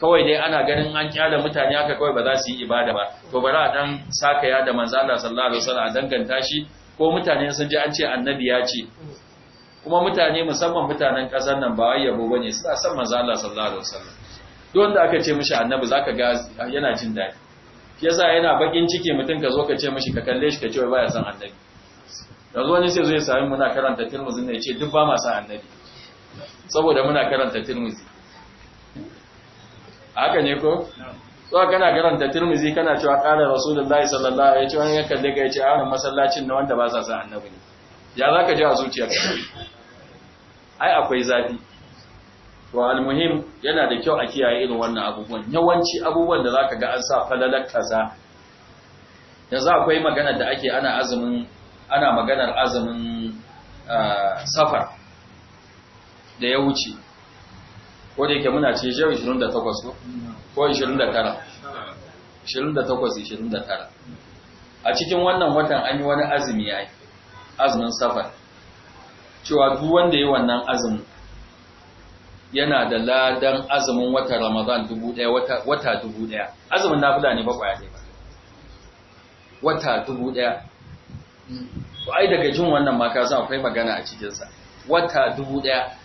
kawai dai ana ganin an kyala mutane haka kawai ba za su yi ibada ba to bari a dan saka ya da manzo Allah sallallahu alaihi wasallam a danganta shi ko mutane sun ji an ce annabi ya ce kuma mutane musamman mutanen kasar nan ba wai yabo bane suna son manzo Allah sallallahu alaihi wasallam duk wanda aka ce mishi annabi zaka ga yana jin daɗi yasa yana bakin ciki mutum ka zo ka ce mishi ka kalle shi ka ce wai baya son annabi yanzu wani sai zo ya sami muna karanta tirmidhi ne ya ce duk ba ma san annabi saboda muna karanta tirmidhi haka ne ko so kana karanta tirmizi kana cewa kana rasulullahi sallallahu alaihi wasallam ya kalle ka yace a masallacin na wanda ba sa san annabi ne ya zaka ji a zuciyarka ai akwai zafi to almuhim yana da kyau a kiyaye irin wannan abubuwan yawanci abubuwan da zaka ga an sa falalar kaza yanzu akwai magana da ake ana azumin ana maganar azumin ah, safar da ya wuce ko da yake muna ce jau 28 ko 29 28-29 a cikin wannan watan an yi wani azumi ya yi azumin safar cewa duk wanda ya wannan azumin yana da ladan azumin wata ramadan dubu daya wata dubu daya azumin na fula ne bakwaya ne ba wata dubu daya to ai daga jin wannan maka zan akwai magana a cikinsa wata dubu daya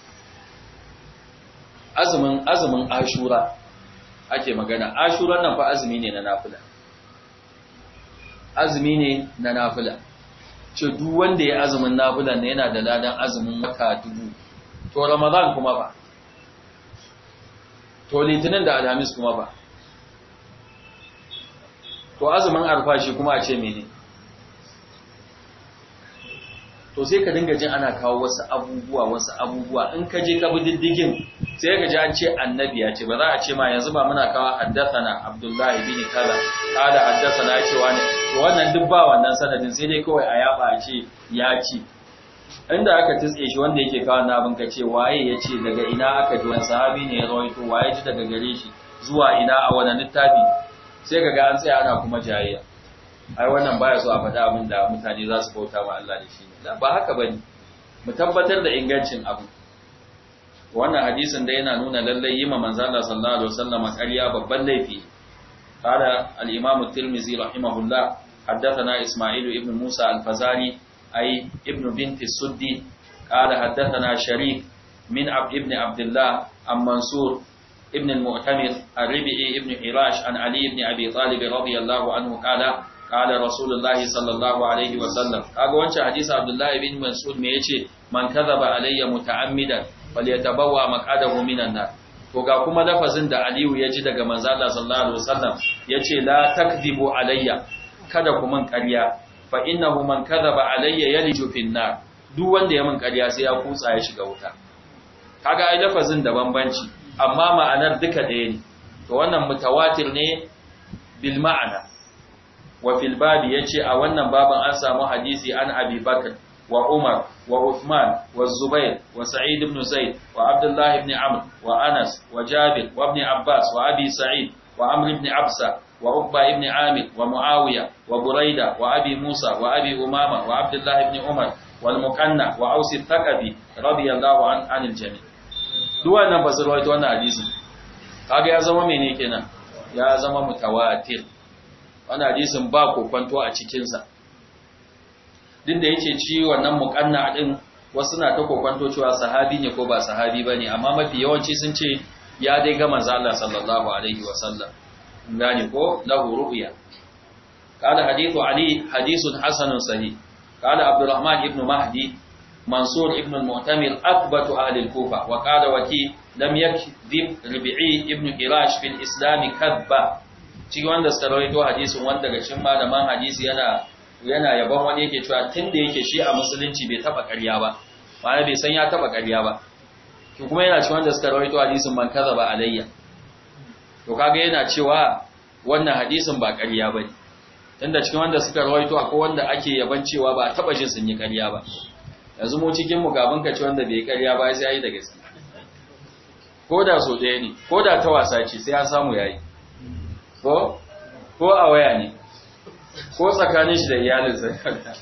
azumin azumin ashura ake magana Ashuran nan fa azumi ne na nafila azumi ne na nafila ce duk wanda ya azumin nafila ne yana da ladan azumin wata dubu to ramadan kuma ba to litinin da alhamis kuma ba to azumin arfashi kuma a ce mene to sai ka dinga jin ana kawo wasu abubuwa wasu abubuwa in ka je ka bi diddigin sai ka ji an ce annabi ya ce ba za a ce ma yanzu ba muna kawo haddathana abdullahi bin kala kala haddathana ya ce wani to wannan duk ba wannan sanadin sai dai kawai a yaba a ce ya ci. inda aka tsitse shi wanda yake kawo na abin ka ce waye ya ce daga ina aka ji wani sahabi ne ya rawaito waye ji daga gare shi zuwa ina a wani littafi sai ka ga an tsaya ana kuma jayayya ai wannan baya so a faɗa abin da mutane za su bauta wa Allah da shi ba haka bane mu tabbatar da ingancin abu wannan hadisin da yana nuna lallai, yima manzon Allah sallallahu alaihi wasallam babban laifi qala al-imam at-tirmidhi rahimahullah haddathana isma'il ibn musa al-fazali ay ibn bint suddi qala haddathana sharik min ibn abdullah am mansur ibn al-mu'tamir ar ibn hirash an ali Ibni abi talib radiyallahu anhu qala qala rasulullahi sallallahu alaihi wasallam kaga wancan hadisi abdullahi bin mas'ud me yace man kadhaba alayya muta'ammidan falyatabawwa maq'adahu minan nar to ga kuma lafazin da aliyu ya ji daga manzo Allah sallallahu alaihi wasallam yace la takdibu alayya kada ku man ƙarya fa innahu man kadhaba alayya yaliju fin nar duk wanda ya man ƙarya sai ya kutsa ya shiga wuta kaga ai lafazin da bambanci amma ma'anar duka ɗaya ne to wannan mutawatir ne bil ma'ana wa fil ya ce a wannan babin an samu hadisi an Abi wa Umar wa Uthman wa Zubair wa Sa'id ibn Zaid wa Abdullah ibn Amr wa Anas wa Jabir wa ibn Abbas wa Abi Sa'id wa Amr ibn Absa wa Uqba ibn Amir wa Muawiya wa Buraida wa Abi Musa wa Abi Umama wa Abdullah ibn Umar wal wa Aus al-Thaqafi radiyallahu an anil jami' duwa nan ba su rawaito wannan hadisin kaga ya zama mene kenan ya zama mutawatir wani hadisin ba kofanto a cikinsa din da yake ci wannan muƙanna ɗin wasu na ta kokwanto cewa sahabi ne ko ba sahabi ba ne amma mafi yawanci sun ce ya dai ga manzo sallallahu alaihi wa sallam ko lahu ru'ya qala hadithu ali hadithun hasanun sahi qala abdurrahman ibn mahdi mansur ibn mutamir akbatu ahli al-kufa wa qala waki lam yakdhib rabi'i ibn hirash fil islam kadba ciki wanda suka rawaito hadisin wanda daga cikin malaman hadisi yana yana yabon wani yake cewa tunda yake shi a musulunci bai taba ƙarya ba ma'ana bai san ya taba ƙarya ba ki kuma yana cikin wanda suka rawaito hadisin man kaza ba alayya to kaga yana cewa wannan hadisin ba ƙarya ne, tunda cikin wanda suka rawaito akwai wanda ake yaban cewa ba taba jin sun yi ƙarya ba yanzu mu cikin mu gaban ka ci wanda bai ƙarya ba sai yayi da gaske ko da so ɗaya ne ko da ta wasa ce sai ya samu yayi ko ko a waya ne ko tsakanin shi da iyalin iyalinsa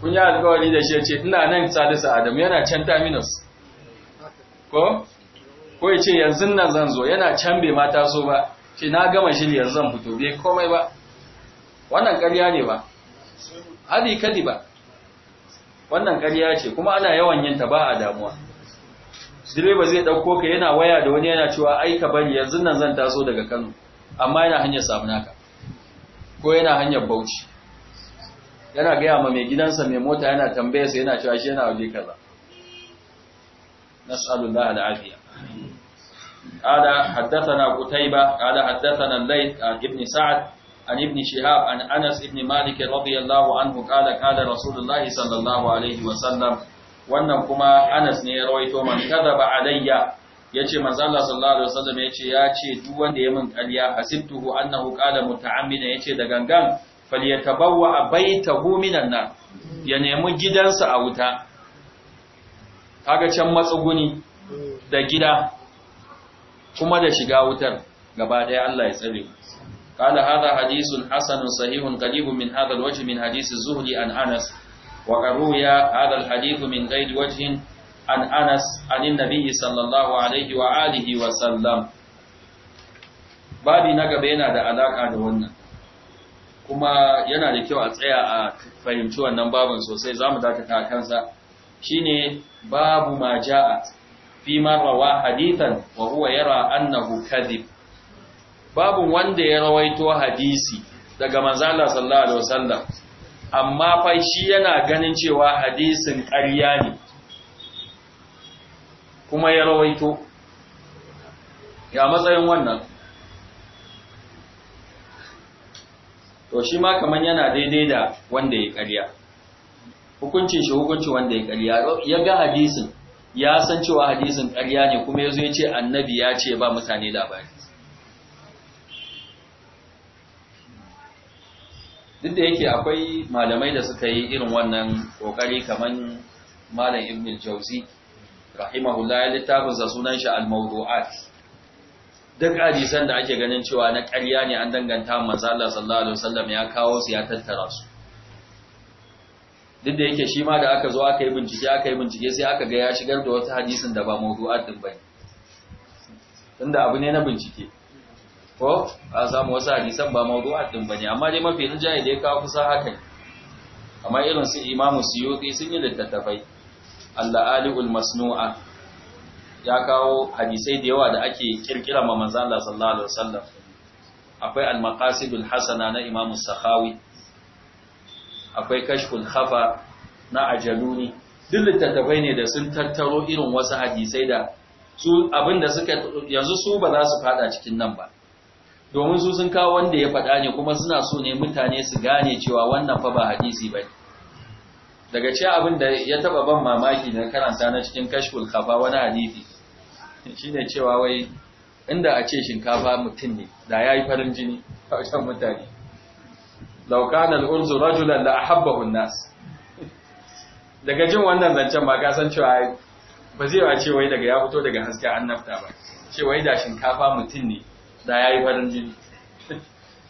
kun yi alkawari da shi ya ce ina nan salisa adamu yana can terminus ko ko ya ce yanzu nan zan zo yana can bai mata so ba ce na gama shi yanzu zan fito bai komai ba wannan ƙarya ne ba hadi kadi ba wannan ƙarya ce kuma ana yawan yin ta ba a damuwa direba zai ɗauko ka yana waya da wani yana cewa aika bari yanzu nan zan taso daga Kano amma yana hanyar samu ko yana hanyar bauchi yana gaya ma mai gidansa mai mota yana tambayarsa yana cewa shi yana waje kaza nas'alullah al'afiya قال حدثنا قتيبة قال حدثنا الليث عن ابن سعد عن ابن شهاب Anas, أنس Malik, مالك رضي الله عنه قال قال رسول الله صلى wannan kuma Anas ne ya rawaito man kadaba alayya Ya ce manzala sallallahu alaihi wasallam yace ya ce duk wanda ya min ƙarya hasibtuhu annahu qala muta'ammina yace da gangan falyatabawwa bai minan nar ya nemi gidansa a wuta kaga can matsuguni da gida kuma da shiga wutar gaba ɗaya Allah ya tsare قال هذا حديث Sahihun, صحيح min من هذا min من حديث الزهري عن أنس وقد روي هذا الحديث min غير وجه عن أنس عن sallallahu alaihi الله عليه wa sallam. babi na gaba yana da alaka da wannan kuma yana da kyau a tsaya a fahimci wannan babin sosai zamu dakata kansa shine babu ma jaa fi man rawa hadithan wa huwa yara annahu kadhib babu wanda ya rawaito hadisi daga manzala sallallahu alaihi Sallam amma fa shi yana ganin cewa hadisin ƙarya ne kuma ya rawaito ya matsayin wannan to shi ma kaman yana daidai da wanda ya ƙarya hukuncin shi hukuncin wanda ya ƙarya ya ga hadisin ya san cewa hadisin ƙarya ne kuma yazo ya ce annabi ya ce ba mutane labari duk da yake akwai malamai da suka yi irin wannan ƙoƙari kaman malam ibn jauzi rahimahullah ya littafin sa sunan shi al-mawdu'at duk hadisan da ake ganin cewa na ƙarya ne an danganta manzo Allah sallallahu alaihi wasallam ya kawo su ya tattara su duk da yake shi ma da aka zo aka yi bincike aka yi bincike sai aka ga ya shigar da wata hadisin da ba mawdu'at din bane tunda abu ne na bincike ko a samu wasu hadisan ba mawdu'at din bane amma dai mafi rinjaye da ya kawo kusa haka amma irin su imamu suyuti sun yi littattafai al masnu'a ya kawo hadisai da yawa da ake kirkira ma manzo Allah sallallahu alaihi wasallam akwai al-maqasidul hasana na Imam Sakhawi akwai kashful khafa na ajaluni duk littattafai ne da sun tattaro irin wasu hadisai da su abinda suka yanzu su ba za su fada cikin nan ba domin su sun kawo wanda ya faɗa ne kuma suna so ne mutane su gane cewa wannan fa ba hadisi ba daga ce abin da ya taba ban mamaki na karanta na cikin kashful kafa wani hadithi shine cewa wai inda a ce shinkafa mutum ne da yayi farin jini a wajen mutane law kana al-urzu rajulan la ahabbahu an-nas daga jin wannan zancen ba ka san cewa ba zai wa ce wai daga ya fito daga hasken annabta ba ce wai da shinkafa mutum ne da yayi farin jini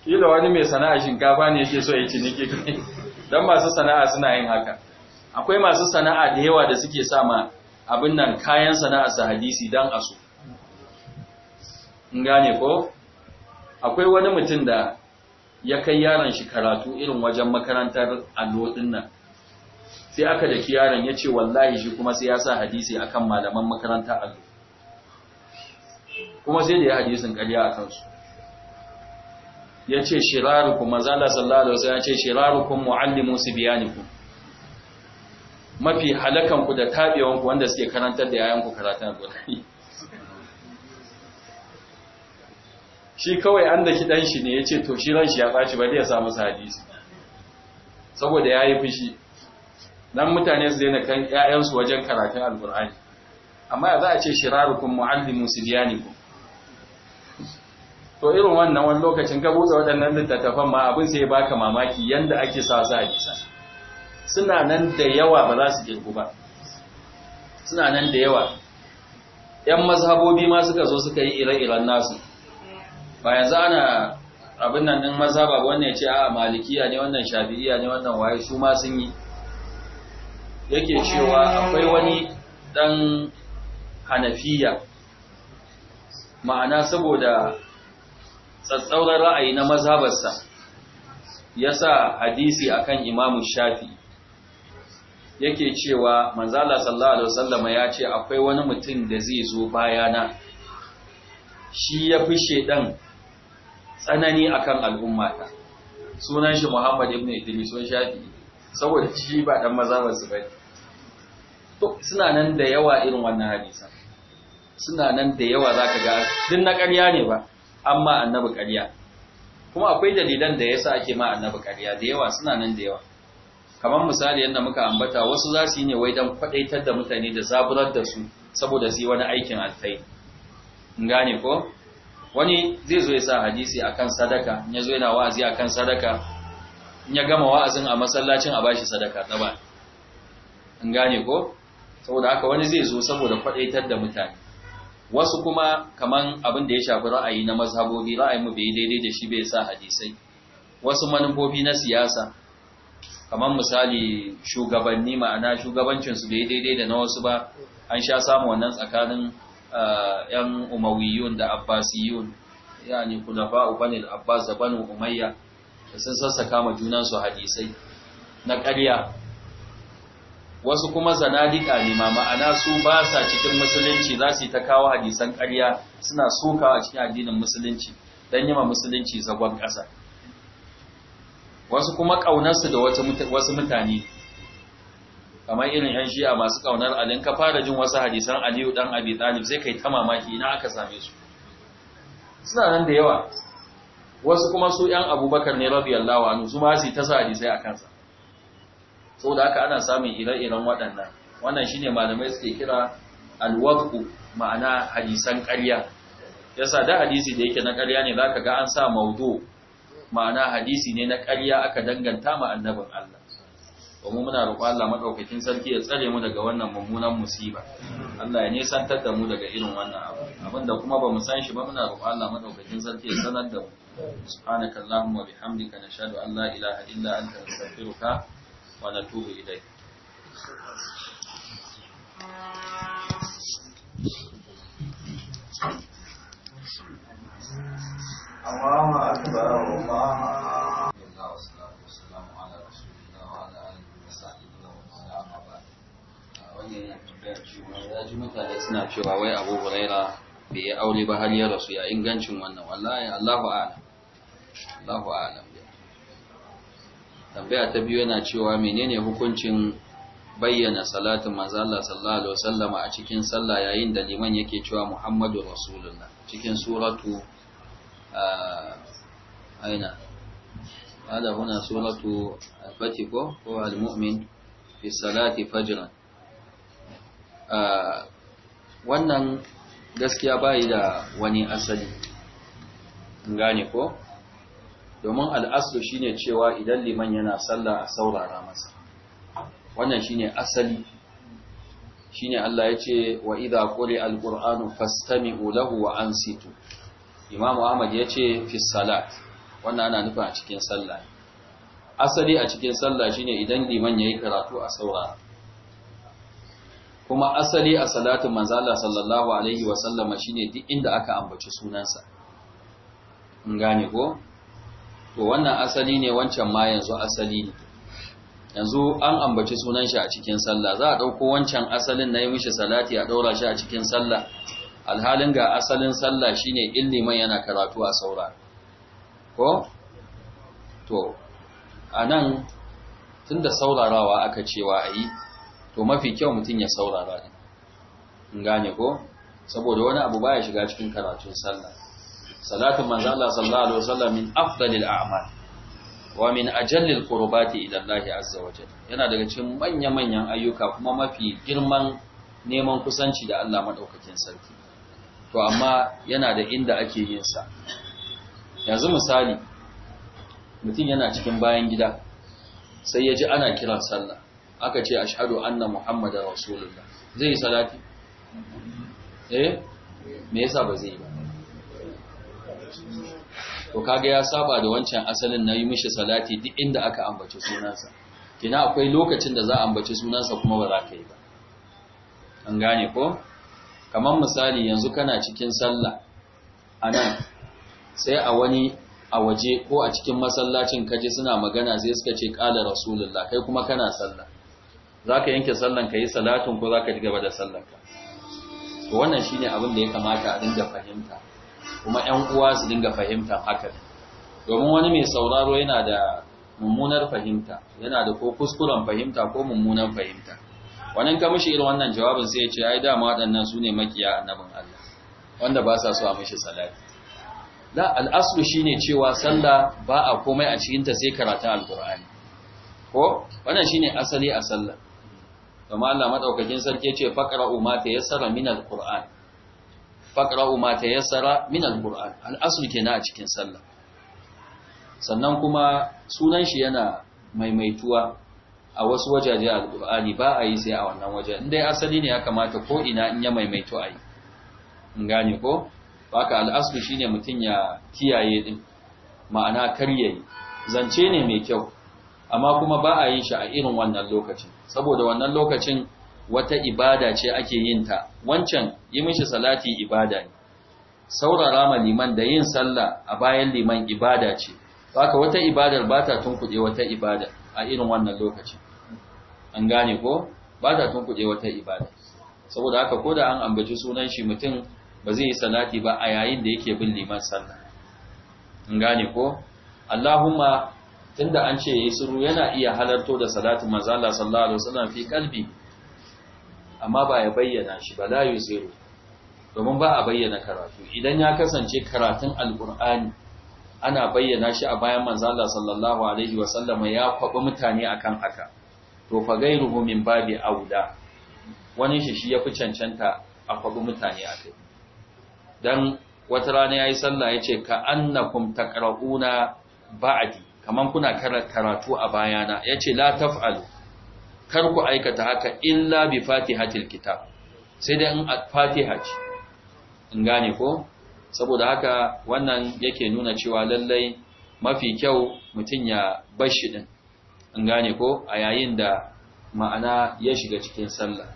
kila wani mai sana'a shinkafa ne yake so ya ciniki don masu sana'a suna yin haka akwai masu sana'a da yawa da suke sama abin nan kayan sana'a su hadisi don asu in gane ko akwai wani mutum da ya kai yaron shi karatu irin wajen makarantar allo nan sai aka da yaron ya ce wallahi shi kuma sai ya sa hadisi akan malaman makarantar allo kuma sai da ya hadisin karya a kansu ya ce shirarukum mazala sallallahu alaihi wasallam ya ce shirarukum muallimu sibyanikum mafi halakanku da taɓewanku wanda suke karantar da yayanku karatun alƙur'ani shi kawai an da kiɗan shi ne ya ce to shi ranshi ya ɓaci bari ya samu hadisi saboda ya yi fushi mutane su daina kan ‘ya'yansu wajen karatun alƙur'ani amma za a ce shirarukun mu'allimu siriyanikum to irin wannan wani lokacin ka buɗe waɗannan littattafan ma abin sai baka mamaki yanda ake sa sa a bisa suna nan da yawa ba za su girgu ba suna nan da yawa ‘yan mazhabobi ma suka zo suka yi ire-iren nasu ba yanzu ana abin nan ɗin mazhaba wannan ya ce a malikiya ne wannan shafi'iya ne wannan waye su ma sun yi yake cewa akwai wani ɗan hanafiya ma'ana saboda tsatsauran ra'ayi na mazhabarsa ya sa hadisi akan imamu shafi yake cewa manzala sallallahu alaihi wasallam ya ce akwai wani mutum da zai zo bayana shi ya fi shedan tsanani akan al'ummata sunan shi Muhammad ibn Idris sun shafi saboda shi ba dan mazhabar su bai to suna nan da yawa irin wannan hadisan suna nan da yawa zaka ga din na ƙarya ne ba amma annabi ƙarya kuma akwai dalilan da yasa ake ma annabi ƙarya da yawa suna nan da yawa kamar misali yadda muka ambata wasu za su yi ne wai don faɗaitar da mutane da zaburar da su saboda su yi wani aikin alfai gane ko wani zai zo ya sa hadisi akan sadaka ya zo yana wa'azi akan sadaka ya gama wa'azin a masallacin a bashi sadaka ta in gane ko saboda haka wani zai zo saboda faɗaitar da mutane wasu kuma kamar abin da ya shafi ra'ayi na mazhabobi ra'ayi mu bai daidai da shi bai sa hadisai wasu manufofi na siyasa kamar misali shugabanni ma'ana shugabancinsu bai daidai da na wasu ba an sha samu wannan tsakanin ah, yan umawiyun da abbasiyun yani kunafa ubanil abbas da banu umayya sun sassaka ma junansu hadisai na ƙarya wasu kuma zanadika ne ma ma'ana su ba sa cikin musulunci za su yi ta kawo hadisan ƙarya suna sokawa cikin addinin musulunci don yi yima musulunci zagon ƙasa wasu kuma ƙaunarsu da wasu mutane kamar irin yan shi'a masu ƙaunar alin ka fara jin wasu hadisan aliyu dan abi talib sai kai ta mamaki ina aka same su suna nan da yawa wasu kuma su yan abubakar ne radiyallahu anhu su ma su ta sa hadisai a kansa saboda haka ana samun ire-iren waɗannan wannan shine malamai suke kira alwaqu ma'ana hadisan ƙarya yasa da hadisi da yake na ƙarya ne zaka ga an sa maudu' ma'ana hadisi ne na ƙarya aka danganta ma annabin Allah domin muna roƙo Allah madaukakin sarki ya tsare mu daga wannan mummunan musiba Allah ya nisantar da mu daga irin wannan abu Abin da kuma ba mu san shi ba muna roƙo Allah madaukakin sarki ya sanar da mu subhanaka allahumma bihamdika nashhadu an la ilaha illa anta nastaghfiruka wa natubu ilayk Thank you. الله أكبر الله ya ji mutane suna cewa wai abu huraira bai yi aure ba har ya rasu ya ingancin wannan wallahi allahu alam allahu alam tambaya ta biyu yana cewa menene hukuncin bayyana salatin manzo Allah sallallahu alaihi wasallam a cikin sallah yayin da liman yake cewa Muhammadu Rasulullah cikin suratu aina هذا هنا سورة الفتكو هو المؤمن في الصلاة فجرا wannan gaskiya bayi da wani asali gane ko domin al'aslu shine cewa idan liman yana sallah a saurara masa wannan shine asali shine Allah ya ce wa idha quri al-qur'anu fastami'u lahu wa ansitu imamu ahmad ya ce fi salat wannan ana nufin a cikin sallah asali a cikin sallah shine idan liman yayi karatu a saura kuma asali a salatin manzala sallallahu alaihi wa sallama shine duk inda aka ambaci sunansa in gane ko to wannan asali ne wancan ma yanzu asali ne yanzu an ambaci sunan shi a cikin sallah za a dauko wancan asalin na yi mishi salati a daura shi a cikin sallah alhalin ga asalin sallah shine illiman yana karatu a saura ko to anan tunda saurarawa aka cewa ayi to mafi kyau mutun ya saurara in gane ko saboda wani abu baya shiga cikin karatun sallah salatu manzo Allah sallallahu alaihi wasallam min afdalil a'mal wa min ajallil qurbati ila Allah azza wa jalla yana daga cikin manya-manyan ayyuka kuma mafi girman neman kusanci da Allah madaukakin sarki to amma yana da inda ake yin sa yanzu misali mutum yana cikin bayan gida sai ya ji ana kiran sallah aka ce ashhadu anna muhammadar rasulullah zai yi salati eh me yasa ba zai yi ba to kaga ya saba da wancan asalin na yi mishi salati duk inda aka ambaci sunansa kina akwai lokacin da za a ambaci sunansa kuma ba za ka yi ba an gane ko kamar misali yanzu kana cikin sallah a sai a wani a waje ko a cikin masallacin kaje suna magana sai suka ce ƙala rasulullah kai kuma kana sallah za yanke sallan ka yi salatun ko zaka ka ji gaba da ka to wannan shine abin da ya kamata a dinga fahimta kuma 'yan uwa su dinga fahimta haka domin wani mai sauraro yana da mummunar fahimta yana da ko kuskuren fahimta ko mummunar fahimta wannan ka mishi irin wannan jawabin sai ya ce ai dama waɗannan su ne makiya annabin Allah wanda ba sa so a mishi salati da al'aslu shine cewa sallah ba a komai a cikin ta sai karatun Alkur'ani ko wannan shine asali a sallah kuma Allah madaukakin sarki ya ce umma ta yassara min alqur'an umma ta yassara min alqur'an al'aslu kenan a cikin sallah sannan kuma sunan shi yana maimaituwa a wasu wajaje Qur'ani ba a yi sai a wannan waje in dai asali ne ya kamata ko ina in ya maimaito ayi in gane ko baka al'aslu shine mutun ya kiyaye din ma'ana karyayi zance ne mai kyau amma kuma ba a yin shi a irin wannan lokacin saboda wannan lokacin wata ibada ce ake yin ta wancan yi mishi salati ibada ne saurara ma liman da yin sallah a bayan liman ibada ce baka wata ibadar ba ta tunkuɗe wata ibada a irin wannan lokacin an gane ko ba ta tunkuɗe wata ibada saboda haka ko da an ambaci sunan shi mutum ba zai yi salati ba a yayin da yake bin liman sallah an gane ko Allahumma tunda an ce suru yana iya halarto da salati manzo Allah sallallahu alaihi wasallam fi kalbi amma ba ya bayyana shi ba la yusiru domin ba a bayyana karatu idan ya kasance karatun alqur'ani ana bayyana shi a bayan manzo Allah sallallahu alaihi wasallam ya kwaba mutane akan haka to fa gairuhu min babi auda wani shi shi yafi cancanta a faɗi mutane a kai dan wata rana yayi sallah yace ka annakum taqrauna ba'di kaman kuna karatu a bayana yace la taf'al, kar ku aikata haka illa bi fatihatil kitab sai dai in fatiha ce in gane ko saboda haka wannan yake nuna cewa lallai mafi kyau mutum ya bashi din in gane ko a yayin da ma'ana ya shiga cikin sallah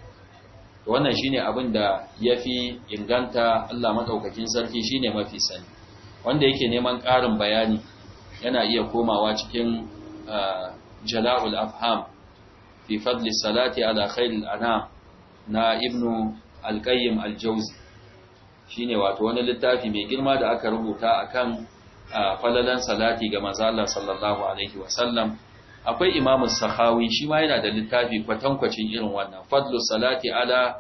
wannan shine abin da ya fi inganta Allah Maɗaukakin sarki shine mafi sani wanda yake neman ƙarin bayani yana iya komawa cikin jala'ul afham fi fadli salati ala khairil anam na ibnu al-qayyim al shine wato wani littafi mai girma da aka rubuta akan falalan salati ga manzo Allah sallallahu alaihi sallam. akwai imamun sahawi shi ma yana da littafi kwatankwacin irin wannan fadlu salati ala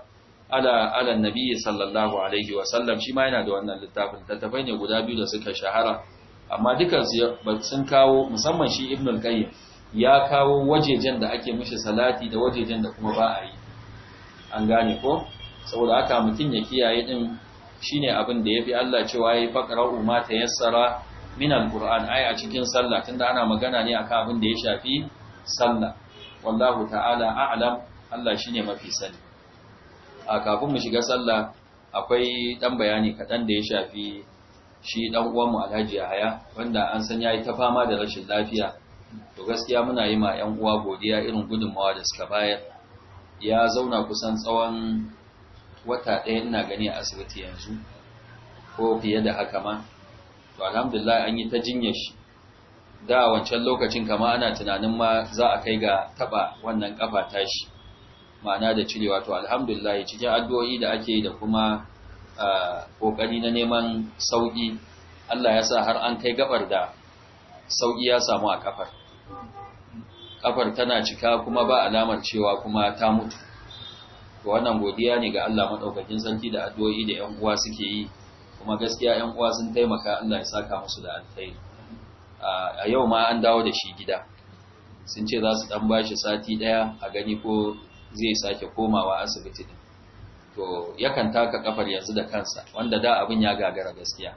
ala ala nabi sallallahu alaihi wa sallam shi ma yana da wannan littafin tattafai ne guda biyu da suka shahara amma dukan su sun kawo musamman shi ibn al-qayyim ya kawo wajejen da ake mishi salati da wajejen da kuma ba a yi an gane ko saboda haka mutum ya kiyaye din shine abin da yafi Allah cewa yayi faqra'u ma tayassara min alquran ai a cikin sallah tunda ana magana ne akan abin da ya shafi sallah wallahu ta'ala a'lam Allah shine mafi sani a kafin mu shiga sallah akwai dan bayani kadan da ya shafi shi dan uwanmu Alhaji Yahaya wanda an san yayi ta fama da rashin lafiya to gaskiya muna yi ma 'yan uwa godiya irin gudunmawa da suka bayar ya zauna kusan tsawon wata ɗaya ina gani a asibiti yanzu ko fiye da haka ma to alhamdulillah an yi ta jinyar shi da wancan lokacin kama ana tunanin ma za a kai ga taba wannan kafa tashi ma'ana da cirewa to alhamdulillah cikin addu'o'i da ake da kuma kokari na neman sauki Allah ya sa har an kai gabar da sauki ya samu a kafar kafar tana cika kuma ba alamar cewa kuma ta mutu to wannan godiya ne ga Allah maɗaukakin sarki da addu'o'i da 'yan uwa suke yi kuma gaskiya yan uwa sun taimaka Allah ya saka musu da alkhairi a yau ma an dawo da shi gida sun ce za su dan bashi sati daya a gani ko zai sake komawa asibiti din to yakan taka kafar yanzu da kansa wanda da abin ya gagara gaskiya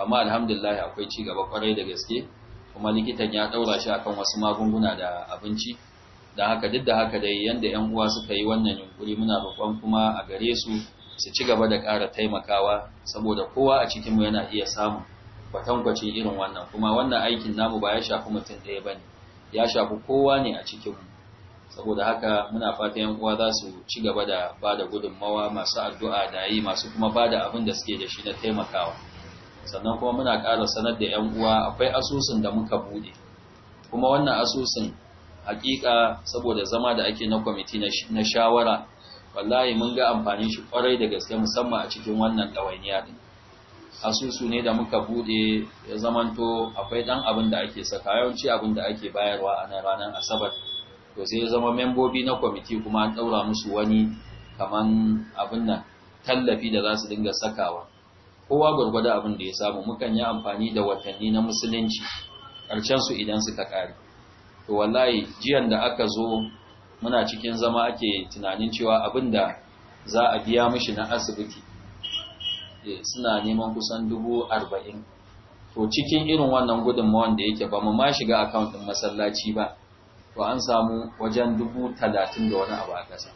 amma alhamdulillah akwai ci gaba kwarai da gaske kuma likitan ya daura shi akan wasu magunguna da abinci dan haka duk da haka dai yanda yan uwa suka yi wannan yunkuri muna roƙon kuma a gare su su ci gaba da ƙara taimakawa saboda kowa a cikinmu yana iya samun kwatankwacin irin wannan kuma wannan aikin namu ba ya shafi mutum ɗaya ba ne ya shafi kowa ne a cikinmu saboda haka muna fata yan uwa za su ci gaba da ba da gudunmawa masu addu'a da yi masu kuma ba da abin da suke da shi na taimakawa sannan kuma muna ƙara sanar da yan uwa akwai asusun da muka buɗe kuma wannan asusun haƙiƙa saboda zama da ake na kwamiti na shawara wallahi mun ga amfanin shi kwarai da gaske musamman a cikin wannan ɗawainiya ɗin asusu ne da muka buɗe ya zamanto akwai ɗan abin da ake saka yawanci abin da ake bayarwa a nan ranar asabar to sai ya zama membobi na kwamiti kuma an ɗaura musu wani kaman abin nan tallafi da za su dinga sakawa kowa gwargwada abin da ya samu mukan yi amfani da watanni na musulunci ƙarshen su idan suka kare. to wallahi jiyan da aka zo muna cikin zama ake tunanin cewa abinda za a biya mishi na asibiti eh, suna neman kusan dubu arba'in to cikin irin wannan gudunmawan da yake ba mu ma shiga akawuntin masallaci ba to an samu wajen dubu talatin da wani abu a ƙasa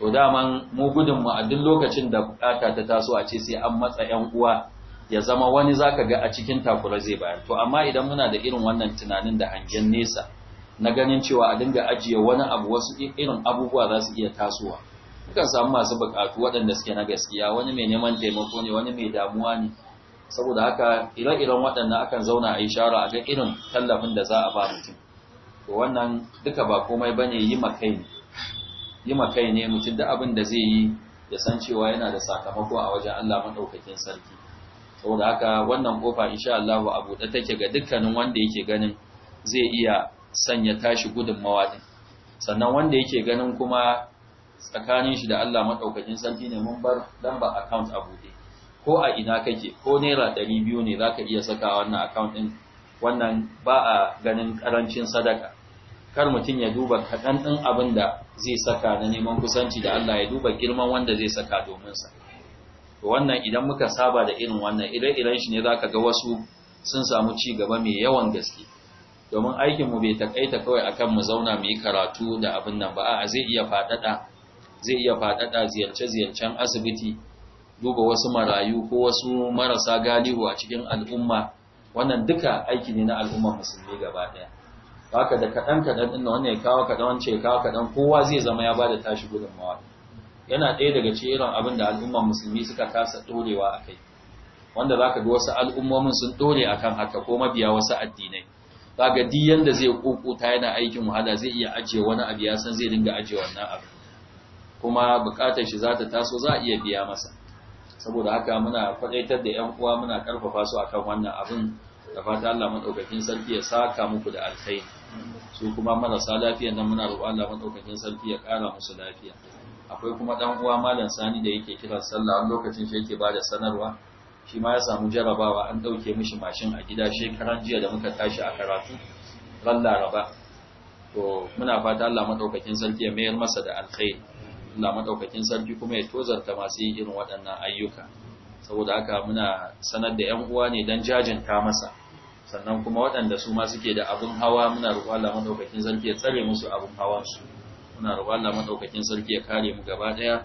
to daman mu gudunmu a duk lokacin da bukata ta taso a ce sai an matsa 'yan uwa ya zama wani zaka ga a cikin takura zai bayar to amma idan muna da irin wannan tunanin da hangen nesa na ganin cewa a dinga ajiye wani abu wasu irin abubuwa za su iya tasowa Kukan samu masu bukatu waɗanda suke na gaskiya wani mai neman taimako ne wani mai damuwa ne saboda haka ire-iren waɗanda akan zauna a yi shara, a ga irin tallafin da za a ba mutum to wannan duka ba komai ba yi makai ne yi makai ne mutum da abin da zai yi ya san cewa yana da sakamako a wajen Allah maɗaukakin sarki saboda haka wannan kofa insha Allah a buɗe take ga dukkanin wanda yake ganin zai iya sanya tashi gudun din sannan wanda yake ganin kuma tsakanin shi da Allah madaukakin sarki ne mun bar lambar account a bude ko a ina kake ko naira 200 ne zaka iya saka wannan account din wannan ba a ganin karancin sadaka kar mutum ya duba kaɗan ɗin abin da zai saka na neman kusanci da Allah ya duba girman wanda zai saka domin sa wannan idan muka saba da irin wannan ire-iren shi ne zaka ga wasu sun samu ci gaba mai yawan gaske domin aikinmu bai takaita kawai akan mu zauna mu yi karatu da abin nan ba a zai iya faɗaɗa zai iya faɗaɗa ziyarce-ziyarcen asibiti duba wasu marayu ko wasu marasa galihu a cikin al'umma wannan duka aiki ne na al'umma musulmi gaba ɗaya haka da kaɗan kaɗan ɗin wannan ya kawo kaɗan wance ya kawo kaɗan kowa zai zama ya bada tashi gudunmawa yana ɗaya daga cikin irin abin da al'umma musulmi suka kasa ɗorewa a kai wanda za ka ga wasu al'ummomin sun ɗore akan haka ko mabiya wasu addinai kaga di yanda zai kokota yana aikin wahala zai iya ajiye wani abu ya san zai dinga ajiye wannan abu kuma bukatar shi za ta taso za a iya biya masa saboda haka muna kwadaitar da yan uwa muna karfafa su akan wannan abin da fata Allah madaukakin sarki ya saka muku da alkai su kuma marasa lafiya nan muna roƙon Allah madaukakin sarki ya kara musu lafiya akwai kuma dan uwa malam Sani da yake kira sallah lokacin shi yake bada sanarwa shi ma ya samu jarabawa an ɗauke mishi mashin a gida shekaran jiya da muka tashi a karatu ran laraba to muna fata Allah maɗaukakin sarki ya mayar masa da alkhairi Allah maɗaukakin sarki kuma ya tozarta masu yin irin waɗannan ayyuka saboda haka muna sanar da 'yan uwa ne don jajinta masa sannan kuma waɗanda su ma suke da abin hawa muna roƙo Allah maɗaukakin sarki ya tsare musu abin su, muna roƙo Allah maɗaukakin sarki ya kare mu gaba ɗaya